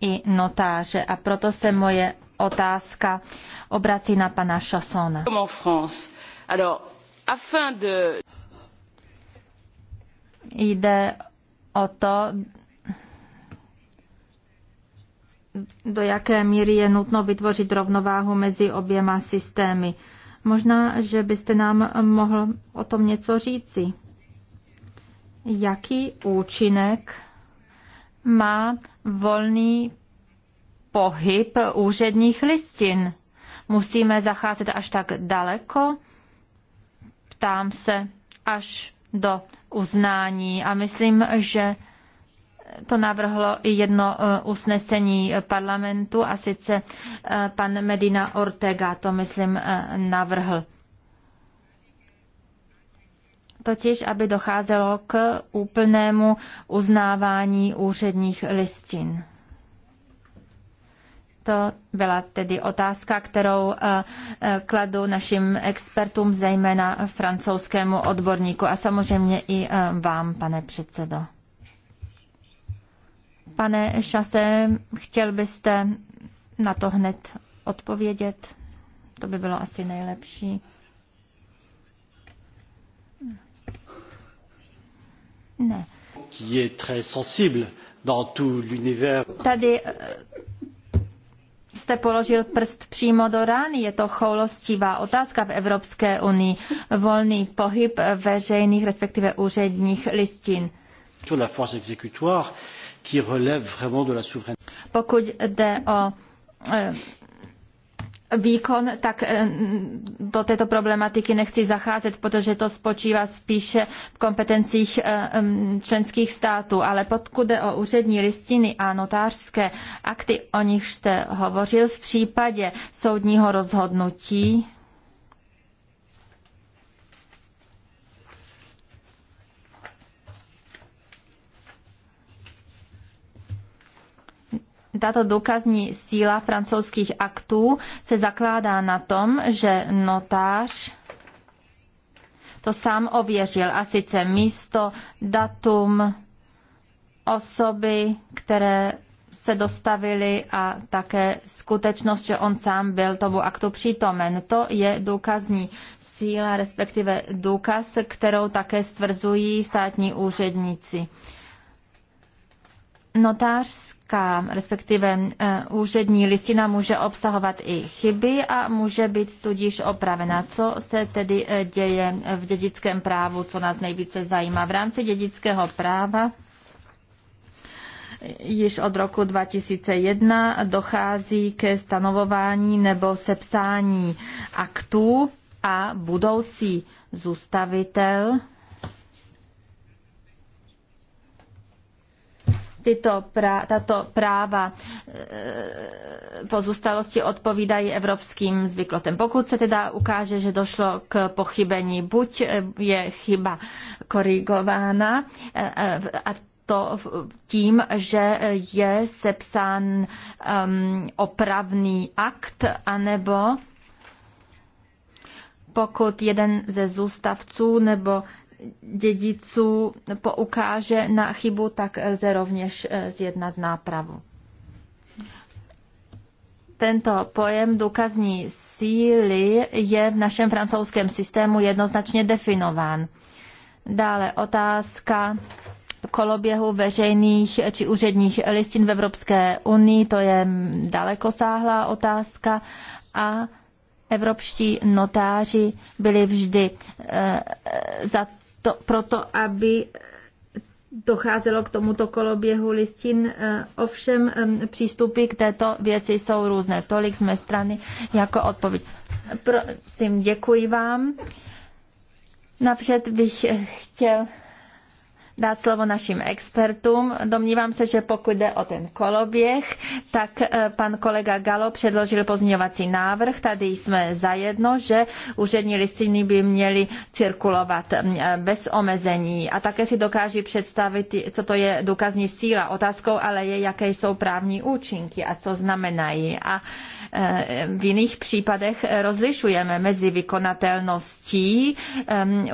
i notáře. A proto se moje otázka obrací na pana Chassona. Jde o to, do jaké míry je nutno vytvořit rovnováhu mezi oběma systémy. Možná, že byste nám mohl o tom něco říci. Jaký účinek má volný pohyb úředních listin. Musíme zacházet až tak daleko? Ptám se až do uznání a myslím, že to navrhlo i jedno e, usnesení parlamentu a sice e, pan Medina Ortega to, myslím, e, navrhl. Totiž, aby docházelo k úplnému uznávání úředních listin. To byla tedy otázka, kterou eh, eh, kladu našim expertům, zejména francouzskému odborníku a samozřejmě i eh, vám, pane předsedo. Pane Šase, chtěl byste na to hned odpovědět? To by bylo asi nejlepší. Ne. Tady jste položil prst přímo do rány. Je to choulostivá otázka v Evropské unii. Volný pohyb veřejných, respektive úředních listin. Pokud jde o eh, výkon, tak eh, do této problematiky nechci zacházet, protože to spočívá spíše v kompetencích eh, členských států. Ale pokud jde o úřední listiny a notářské akty, o nich jste hovořil v případě soudního rozhodnutí, tato důkazní síla francouzských aktů se zakládá na tom, že notář to sám ověřil, a sice místo, datum, osoby, které se dostavili a také skutečnost, že on sám byl tomu aktu přítomen. To je důkazní síla, respektive důkaz, kterou také stvrzují státní úředníci. Notářský úřednická, respektive eh, úřední listina může obsahovat i chyby a může být tudíž opravena. Co se tedy eh, děje v dědickém právu, co nás nejvíce zajímá? V rámci dědického práva eh, již od roku 2001 dochází ke stanovování nebo sepsání aktů a budoucí zůstavitel tyto pra, tato práva e, pozůstalosti odpovídají evropským zvyklostem. Pokud se teda ukáže, že došlo k pochybení, buď e, je chyba korigována e, a to tím, že je sepsán um, opravný akt, anebo pokud jeden ze zůstavců nebo dědiců poukáže na chybu, tak lze rovněž eh, zjednat nápravu. Tento pojem důkazní síly je v našem francouzském systému jednoznačně definován. Dále otázka koloběhu veřejných či úředních listin v Evropské unii, to je dalekosáhlá otázka a evropští notáři byli vždy eh, za to, proto, aby docházelo k tomuto koloběhu listin. Eh, ovšem přístupy k této věci jsou různé. Tolik z mé strany jako odpověď. Prosím, děkuji vám. Napřed bych chtěl dát slovo našim expertům. Domnívám se, že pokud jde o ten koloběh, tak eh, pan kolega Galo předložil pozměňovací návrh. Tady jsme zajedno, že úřední listiny by měly cirkulovat eh, bez omezení. A také si dokáží představit, co to je důkazní síla. Otázkou ale je, jaké jsou právní účinky a co znamenají. A eh, v jiných případech rozlišujeme mezi vykonatelností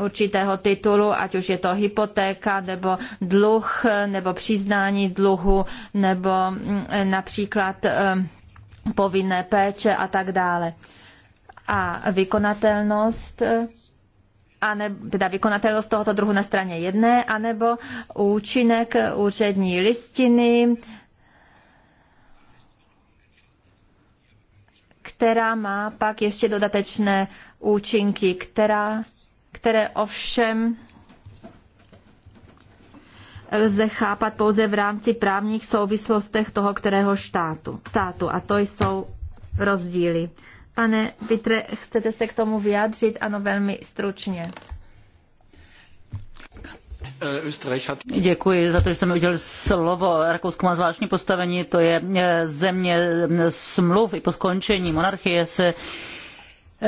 určitého titulu, ať už je to hypotéka, nebo dluh nebo přiznání dluhu nebo mm, například eh, povinné péče a tak dále. A vykonatelnost eh, ne, teda vykonatelnost tohoto druhu na straně jedné, anebo účinek úřední listiny, která má pak ještě dodatečné účinky, která, které ovšem lze chápat pouze v rámci právních souvislostech toho, kterého štátu. státu. A to jsou rozdíly. Pane Vitre, chcete se k tomu vyjádřit? Ano, velmi stručně. Děkuji za to, že jste mi udělal slovo. Rakousko má zvláštní postavení, to je e, země e, smluv i po skončení monarchie se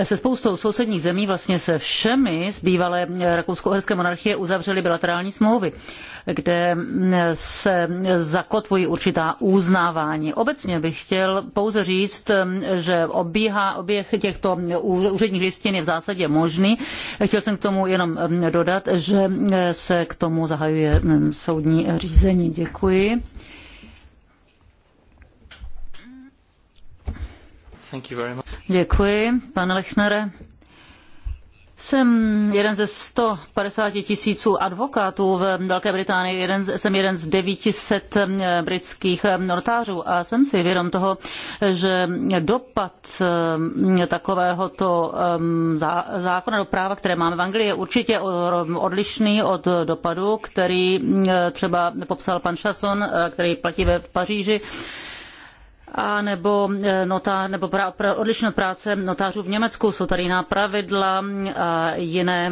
se spoustou sousedních zemí, vlastně se všemi z bývalé rakousko-uherské monarchie uzavřely bilaterální smlouvy, kde se zakotvují určitá uznávání. Obecně bych chtěl pouze říct, že obíha, oběh těchto úředních listin je v zásadě možný. Chtěl jsem k tomu jenom dodat, že se k tomu zahajuje mm, soudní řízení. Děkuji. Děkuji, pane Lechnere. Jsem jeden ze 150 tisíců advokátů v Velké Británii, jeden, jsem jeden z 900 eh, britských eh, notářů a jsem si vědom toho, že dopad eh, takovéhoto zákona do práva, které máme v Anglii, je určitě odlišný od dopadu, který třeba popsal pan Chasson, který platí ve Paříži a nebo, eh, notá, nebo pra, pra, odlišné od práce notářů v Německu. Jsou tady jiná pravidla a jiné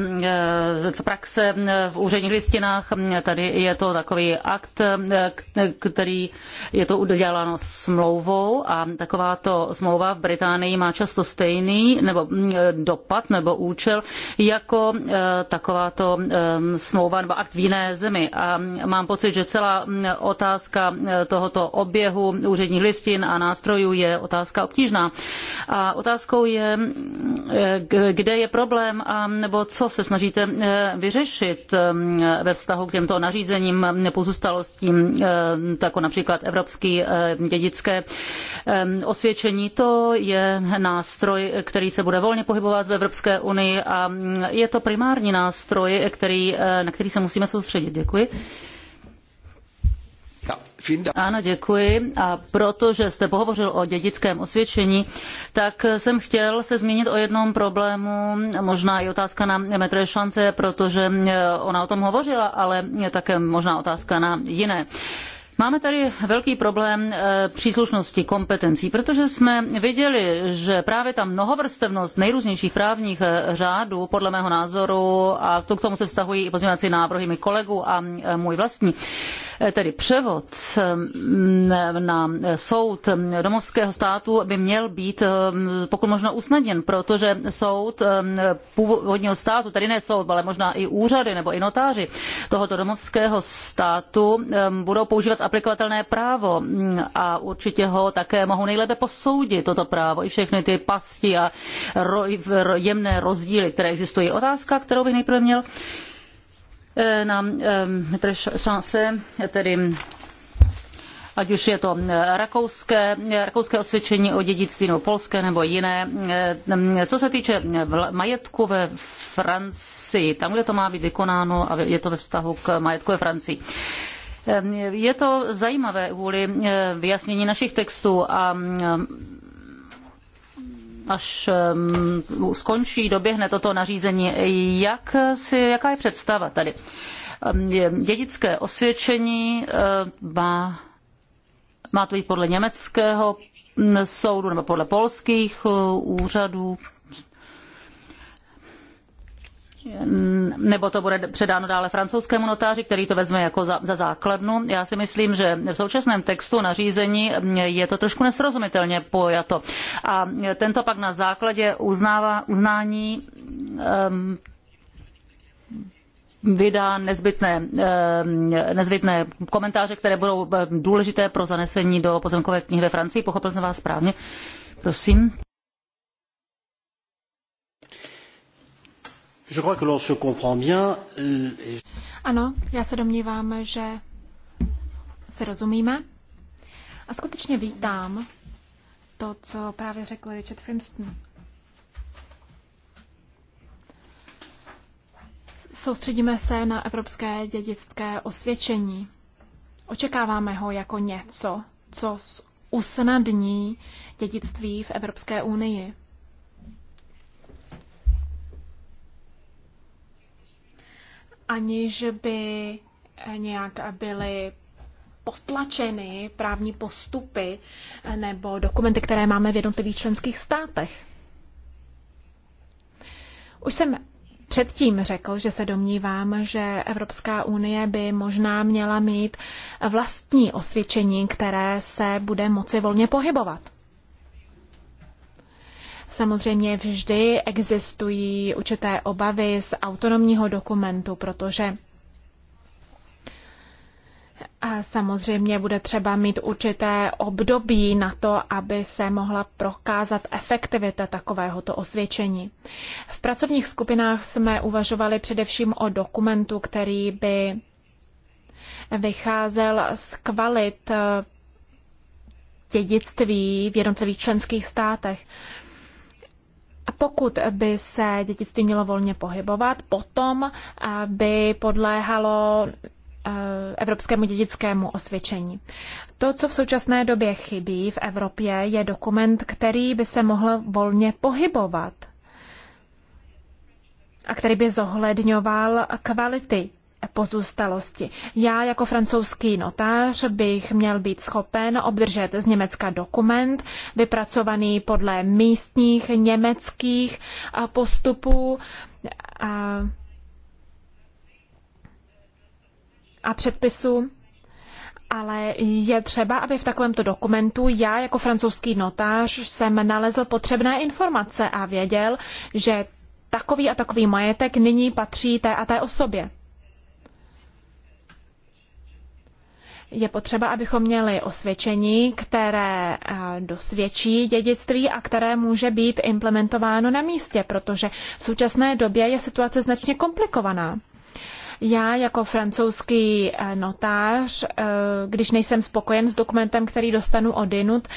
eh, v praxe eh, v úředních listinách. Tady je to takový akt, který je to uděláno smlouvou a takováto smlouva v Británii má často stejný nebo mm, dopad nebo účel jako takováto smlouva nebo akt v jiné zemi. A mám pocit, že celá mm, otázka tohoto oběhu úředních listin a nástrojů je otázka obtížná. A otázkou je, eh, kde je problém a nebo co se snažíte eh, vyřešit eh, ve vztahu k těmto nařízením pozůstalostím, jako například evropský dědické osvědčení. To je nástroj, který se bude volně pohybovat v Evropské unii a je to primární nástroj, který, na který se musíme soustředit. Děkuji. Ano, děkuji. A protože jste pohovořil o dědickém osvědčení, tak jsem chtěl se zmínit o jednom problému, možná i otázka na Metre Šance, protože eh, ona o tom hovořila, ale také možná otázka na jiné. Máme tady velký problém eh, příslušnosti kompetencí, protože jsme viděli, že právě ta mnohovrstevnost nejrůznějších právních eh, řádů, podle mého názoru, a to k tomu se vztahují i pozměňovací návrhy mých kolegů a můj vlastní, Eh, tedy převod mm, eh, na soud mm, domovského státu by měl být mm, pokud možno usnadněn, protože soud původního státu, tedy ne soud, ale možná i úřady nebo i notáři tohoto domovského státu budou používat aplikovatelné právo a určitě ho také mohou nejlépe posoudit toto právo i všechny ty pasti a jemné rozdíly, které existují. Otázka, kterou bych nejprve měl, Eh, na eh, šance, tedy ať už je to eh, rakouské, rakouské osvědčení o dědictví nebo polské nebo jiné. Co se týče majetku ve Francii, tam, kde to má být vykonáno a je to ve vztahu k majetku ve Francii. Je to zajímavé kvůli vyjasnění našich textů a až skončí, doběhne toto nařízení, jak si, jaká je představa tady? Dědické osvědčení eh, má, má to být podle německého mm, soudu nebo podle polských eh, úřadů? nebo to bude předáno dále francouzskému notáři, který to vezme jako za, za základnu. Já si myslím, že v současném textu nařízení je to trošku nesrozumitelně pojato. A tento pak na základě uznává, uznání um, vydá nezbytné, ehm, nezbytné komentáře, které budou ehm, důležité pro zanesení do pozemkové knihy ve Francii. Pochopil jsem vás správně. Prosím. Euh, ano, já se domnívám, že se rozumíme. A skutečně vítám to, co právě řekl Richard Frimston. Soustředíme se na evropské dědické osvědčení. Očekáváme ho jako něco, co usnadní dědictví v Evropské unii. že by nějak byly potlačeny právní postupy nebo dokumenty, které máme v jednotlivých členských státech. Už jsem předtím řekl, že se domnívám, že Evropská unie by možná měla mít vlastní osvědčení, které se bude moci volně pohybovat. Samozřejmě vždy existují určité obavy z autonomního dokumentu, protože a samozřejmě bude třeba mít určité období na to, aby se mohla prokázat efektivita takovéhoto osvědčení. V pracovních skupinách jsme uvažovali především o dokumentu, který by vycházel z kvalit eh, dědictví v jednotlivých členských státech. Pokud by se dědictví mělo volně pohybovat, potom eh, by podléhalo eh, evropskému dědickému osvědčení. To, co v současné době chybí v Evropě, je dokument, který by se mohl volně pohybovat a který by zohledňoval kvality pozůstalosti. Já jako francouzský notář bych měl být schopen obdržet z Německa dokument vypracovaný podle místních německých postupů a, a předpisů. Ale je třeba, aby v takovémto dokumentu já jako francouzský notář jsem nalezl potřebné informace a věděl, že takový a takový majetek nyní patří té a té osobě. je potřeba, abychom měli osvědčení, které eh, dosvědčí dědictví a které může být implementováno na místě, protože v současné době je situace značně komplikovaná. Já jako francouzský eh, notář, eh, když nejsem spokojen s dokumentem, který dostanu odinut,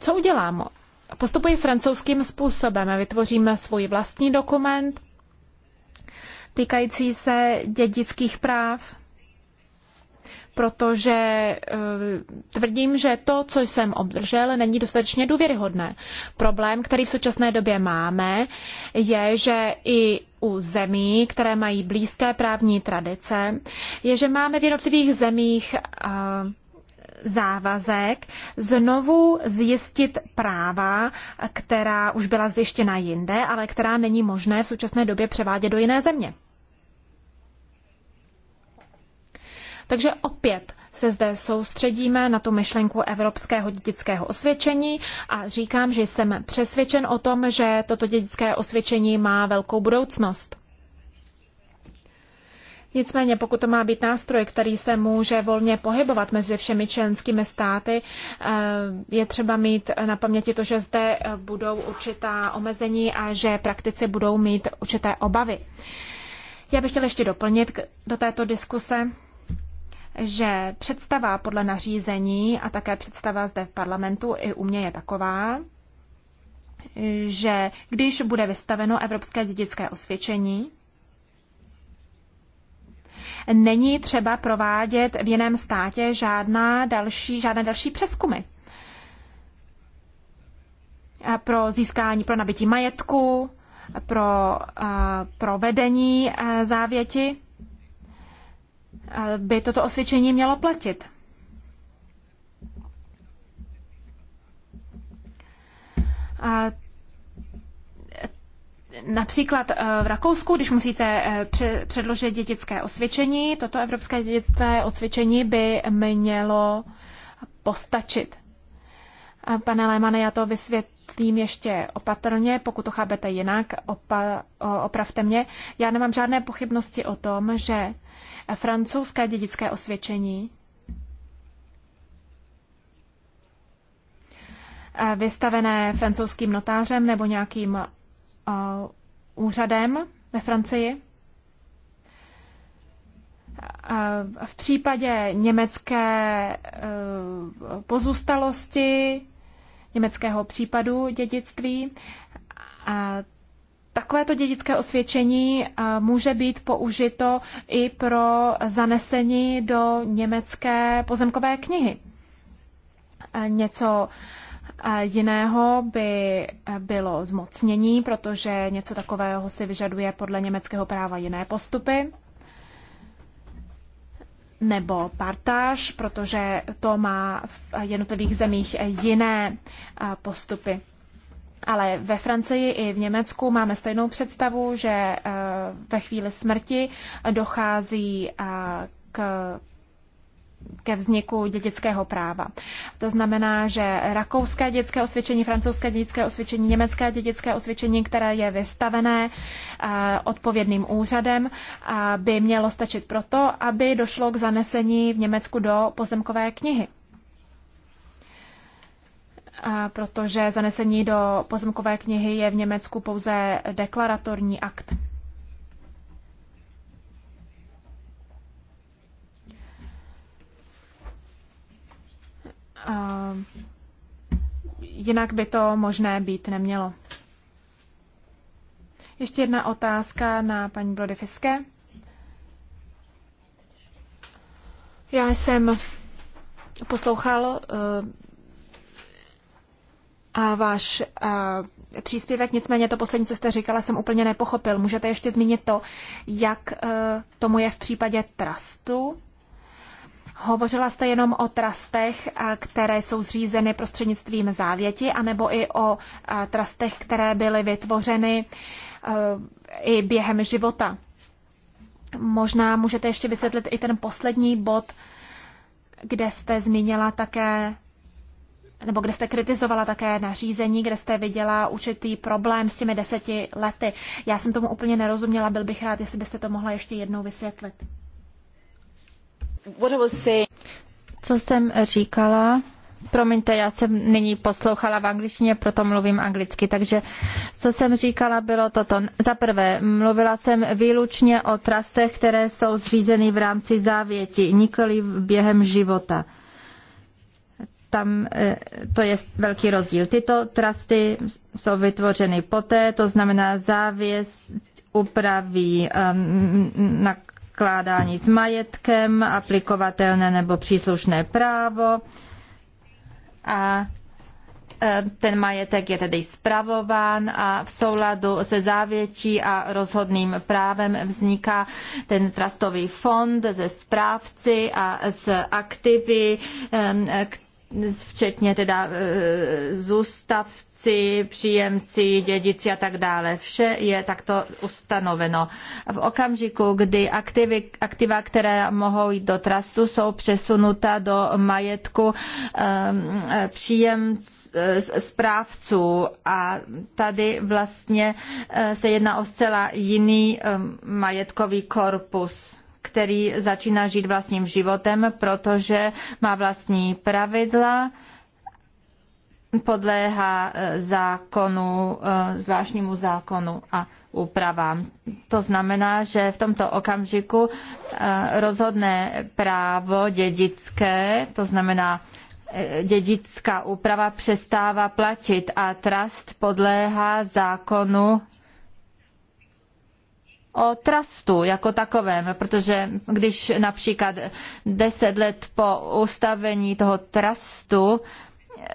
co udělám? Postupuji francouzským způsobem. Vytvoříme svůj vlastní dokument týkající se dědických práv protože eh, tvrdím, že to, co jsem obdržel, není dostatečně důvěryhodné. Problém, který v současné době máme, je, že i u zemí, které mají blízké právní tradice, je, že máme v jednotlivých zemích eh, závazek znovu zjistit práva, která už byla zjištěna jinde, ale která není možné v současné době převádět do jiné země. Takže opět se zde soustředíme na tu myšlenku evropského dědického osvědčení a říkám, že jsem přesvědčen o tom, že toto dědické osvědčení má velkou budoucnost. Nicméně, pokud to má být nástroj, který se může volně pohybovat mezi všemi členskými státy, eh, je třeba mít na paměti to, že zde eh, budou určitá omezení a že praktici budou mít určité obavy. Já bych chtěla ještě doplnit do této diskuse že představa podle nařízení a také představa zde v parlamentu i u mě je taková, že když bude vystaveno evropské dědické osvědčení, není třeba provádět v jiném státě žádná další, žádné další přeskumy. Pro získání, pro nabití majetku, pro provedení závěti by toto osvědčení mělo platit. A Například eh, v Rakousku, když musíte eh, předložit dětické osvědčení, toto evropské dětické osvědčení by mělo postačit. Pane Lémane, já to vysvětlím ještě opatrně, pokud to chápete jinak, opa, opravte mě. Já nemám žádné pochybnosti o tom, že francouzské dědické osvědčení eh, vystavené francouzským notářem nebo nějakým eh, úřadem ve Francii. Eh, v případě německé pozůstalosti, německého případu dědictví, a Takovéto dědické osvědčení eh, může být použito i pro zanesení do německé pozemkové knihy. Eh, něco eh, jiného by bylo zmocnění, protože něco takového si vyžaduje podle německého práva jiné postupy nebo partáž, protože to má v jednotlivých zemích jiné postupy. Ale ve Francii i v Německu máme stejnou představu, že eh, ve chvíli smrti dochází eh, k ke vzniku dědického práva. To znamená, že rakouské dětské osvědčení, francouzské dětské osvědčení, německé dětské osvědčení, které je vystavené eh, odpovědným úřadem, by mělo stačit proto, aby došlo k zanesení v Německu do pozemkové knihy protože zanesení do pozemkové knihy je v Německu pouze deklaratorní akt. Jinak by to možné být nemělo. Ještě jedna otázka na paní Blodefiske. Já jsem poslouchal eh, a váš a, příspěvek, nicméně to poslední, co jste říkala, jsem úplně nepochopil. Můžete ještě zmínit to, jak a, e, tomu je v případě trustu? Hovořila jste jenom o trastech, e, které jsou zřízeny prostřednictvím závěti, anebo i o e, trastech, které byly vytvořeny i během života. Možná můžete ještě vysvětlit i ten poslední bod, kde jste zmínila také nebo kde jste kritizovala také nařízení, kde jste viděla určitý problém s těmi deseti lety. Já jsem tomu úplně nerozuměla, byl bych rád, jestli byste to mohla ještě jednou vysvětlit. Co jsem říkala, Promiňte, já jsem nyní poslouchala v angličtině, proto mluvím anglicky. Takže co jsem říkala, bylo toto. Za prvé, mluvila jsem výlučně o trastech, které jsou zřízeny v rámci závěti, nikoli během života tam eh, to je velký rozdíl. Tyto trusty jsou vytvořeny poté, to znamená závěs upraví ehm, nakládání s majetkem, aplikovatelné nebo příslušné právo a ehm, ten majetek je tedy spravován a v souladu se závětí a rozhodným právem vzniká ten trustový fond ze správci a z aktivy, ehm, včetně teda e, zůstavci, příjemci, dědici a tak dále. Vše je takto ustanoveno. V okamžiku, kdy aktivy, aktiva, které mohou jít do trastu, jsou přesunuta do majetku e, příjemců, e, zprávců a tady vlastně se jedná o zcela jiný majetkový korpus který začíná žít vlastním životem, protože má vlastní pravidla, podléhá eh, zákonu, eh, zvláštnímu zákonu a úpravám. To znamená, že v tomto okamžiku eh, rozhodné právo dědické, to znamená dědická úprava přestává platit a trust podléhá zákonu o trustu jako takovém, protože když například deset let po ustavení toho trustu eh,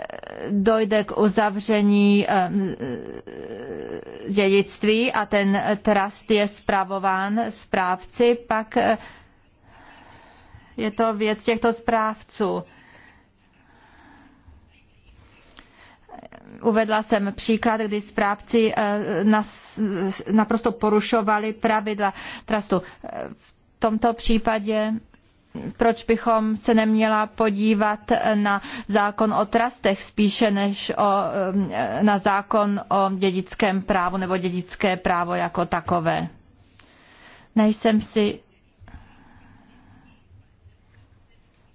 dojde k uzavření eh, dědictví a ten trust je spravován správci, pak eh, je to věc těchto správců. Uvedla jsem příklad, kdy správci eh, naprosto porušovali pravidla trustu. Eh, v tomto případě proč bychom se neměla podívat na zákon o trastech spíše než o, eh, na zákon o dědickém právu nebo dědické právo jako takové. Nejsem si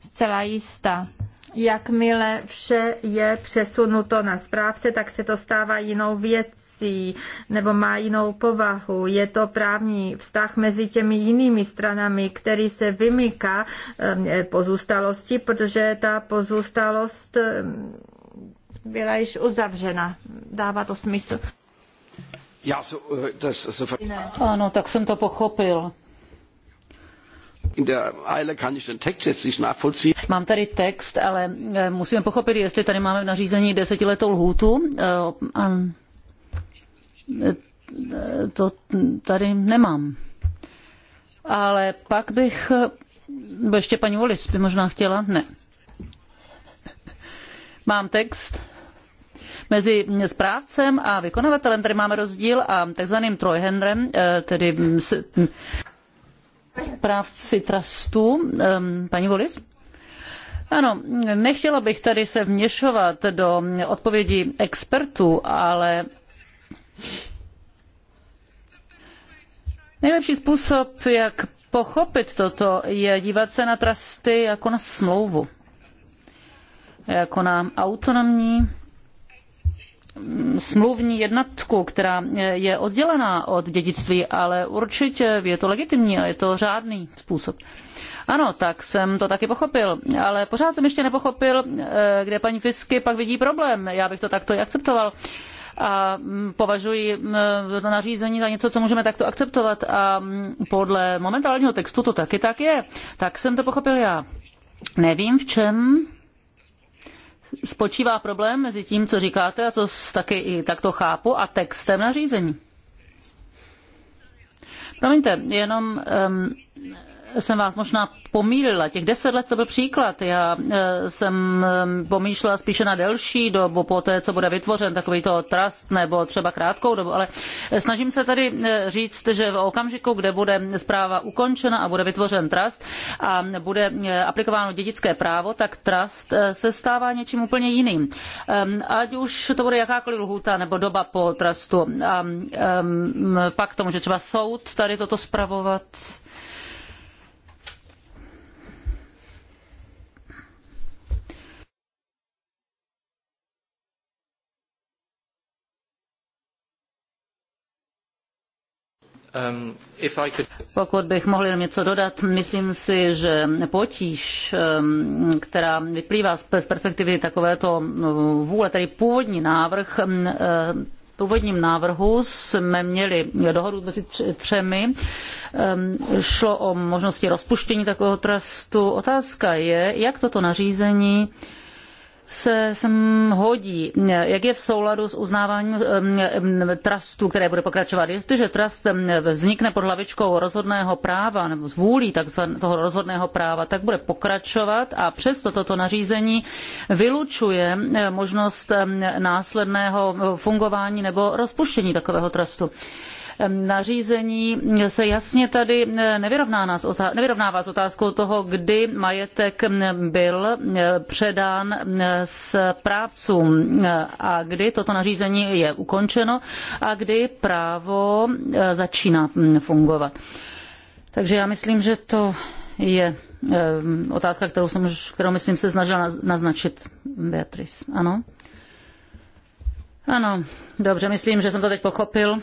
zcela jistá. Jakmile vše je přesunuto na správce, tak se to stává jinou věcí nebo má jinou povahu. Je to právní vztah mezi těmi jinými stranami, který se vymyká eh, pozůstalosti, protože ta pozůstalost eh, byla již uzavřena. Dává to smysl. Já so, eh, das, so... Ano, tak jsem to pochopil. Mám tady text, ale eh, musíme pochopit, jestli tady máme v nařízení desetiletou lhůtu. Eh, eh, to tady nemám. Ale pak bych, bo ještě paní Wallis by možná chtěla, ne. Mám text, mezi správcem a vykonavatelem tady máme rozdíl a takzvaným trojhenrem, tedy správci trustů, paní Volis? Ano, nechtěla bych tady se vměšovat do odpovědí expertů, ale nejlepší způsob, jak pochopit toto, je dívat se na trusty jako na smlouvu, jako na autonomní smluvní jednotku, která je oddělená od dědictví, ale určitě je to legitimní a je to řádný způsob. Ano, tak jsem to taky pochopil, ale pořád jsem ještě nepochopil, eh, kde paní Fisky pak vidí problém. Já bych to takto i akceptoval a mm, považuji eh, to nařízení za něco, co můžeme takto akceptovat a mm, podle momentálního textu to taky tak je. Tak jsem to pochopil já. Nevím, v čem spočívá problém mezi tím, co říkáte a co taky i takto chápu, a textem nařízení. Promiňte, jenom um, jsem vás možná pomýlila. Těch deset let to byl příklad. Já e, jsem e, pomýšlela spíše na delší dobu, po té, co bude vytvořen takový to trust nebo třeba krátkou dobu, ale snažím se tady e, říct, že v okamžiku, kde bude zpráva ukončena a bude vytvořen trust a bude aplikováno dědické právo, tak trust se stává něčím úplně jiným. Ať už to bude jakákoliv lhůta nebo doba po trustu. A pak to může třeba soud tady toto spravovat. Um, Pokud bych mohl jenom něco dodat, myslím si, že potíž, um, která vyplývá z perspektivy takovéto no, vůle, tedy původní návrh, v um, eh, původním návrhu jsme měli dohodu mezi třemi. Šlo o možnosti rozpuštění takového trestu. Otázka je, jak toto nařízení se sem hodí, jak je v souladu s uznáváním trustu, které bude pokračovat. Jestliže trust vznikne pod hlavičkou rozhodného práva nebo z vůlí toho rozhodného práva, tak bude pokračovat a přesto toto nařízení vylučuje možnost následného fungování nebo rozpuštění takového trustu nařízení se jasně tady nevyrovnává s otázkou toho, kdy majetek byl předán správcům a kdy toto nařízení je ukončeno a kdy právo začíná fungovat. Takže já myslím, že to je otázka, kterou jsem už, kterou myslím se snažila naznačit Beatrice. Ano? Ano, dobře, myslím, že jsem to teď pochopil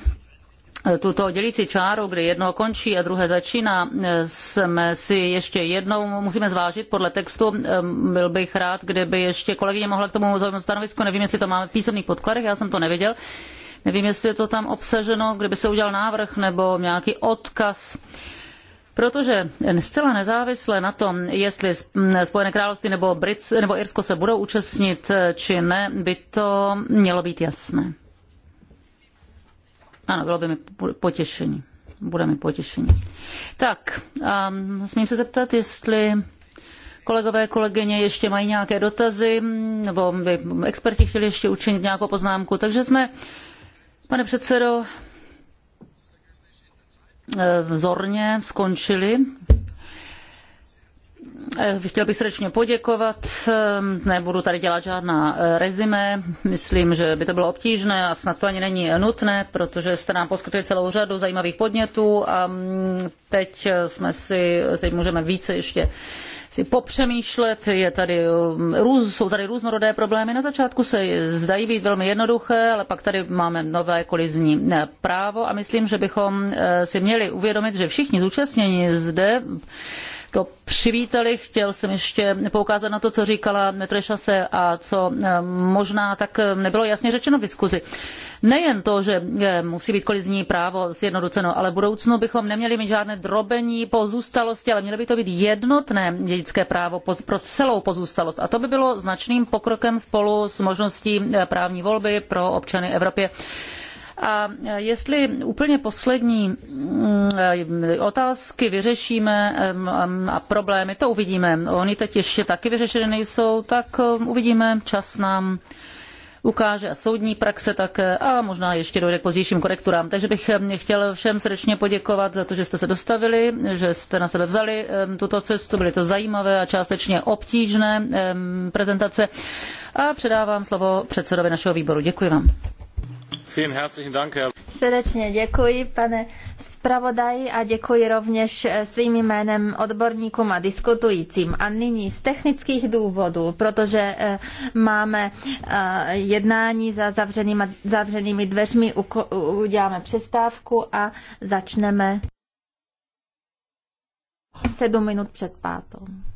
tuto dělící čáru, kdy jedno končí a druhé začíná, jsme si ještě jednou musíme zvážit podle textu. Ehm, byl bych rád, kdyby ještě kolegyně mohla k tomu zaujmout stanovisko. Nevím, jestli to máme v písemných podkladech, já jsem to neviděl. Nevím, jestli je to tam obsaženo, kdyby se udělal návrh nebo nějaký odkaz. Protože zcela nezávisle na tom, jestli Spojené království nebo, Brits nebo Irsko se budou účastnit eh, či ne, by to mělo být jasné. Ano, bylo by mi potěšení. Bude mi potěšení. Tak, um, smím se zeptat, jestli kolegové, kolegyně ještě mají nějaké dotazy, nebo by experti chtěli ještě učinit nějakou poznámku. Takže jsme, pane předsedo, eh, vzorně skončili Eh, chtěl bych srdečně poděkovat. Eh, nebudu tady dělat žádná eh, rezime. Myslím, že by to bylo obtížné a snad to ani není nutné, protože jste nám poskytli celou řadu zajímavých podnětů a mm, teď jsme si, teď můžeme více ještě si popřemýšlet, je tady, mm, jsou tady různorodé problémy. Na začátku se zdají být velmi jednoduché, ale pak tady máme nové kolizní právo a myslím, že bychom si měli uvědomit, že všichni zúčastnění zde to přivítali. Chtěl jsem ještě poukázat na to, co říkala Metrešase a co eh, možná tak eh, nebylo jasně řečeno v diskuzi. Nejen to, že eh, musí být kolizní právo sjednoceno, ale v budoucnu bychom neměli mít žádné drobení pozůstalosti, ale mělo by to být jednotné dědické právo pro celou pozůstalost. A to by bylo značným pokrokem spolu s možností právní volby pro občany Evropy a jestli úplně poslední mm, otázky vyřešíme mm, a problémy, to uvidíme. Oni teď ještě taky vyřešeny nejsou, tak mm, uvidíme, čas nám ukáže a soudní praxe také a možná ještě dojde k pozdějším korekturám. Takže bych chtěl všem srdečně poděkovat za to, že jste se dostavili, že jste na sebe vzali tuto cestu, byly to zajímavé a částečně obtížné prezentace a předávám slovo předsedovi našeho výboru. Děkuji vám. Srdečně děkuji, pane zpravodaji, a děkuji rovněž eh, svým jménem odborníkům a diskutujícím. A nyní z technických důvodů, protože eh, máme eh, jednání za zavřenými, zavřenými dveřmi, uděláme přestávku a začneme sedm minut před pátou.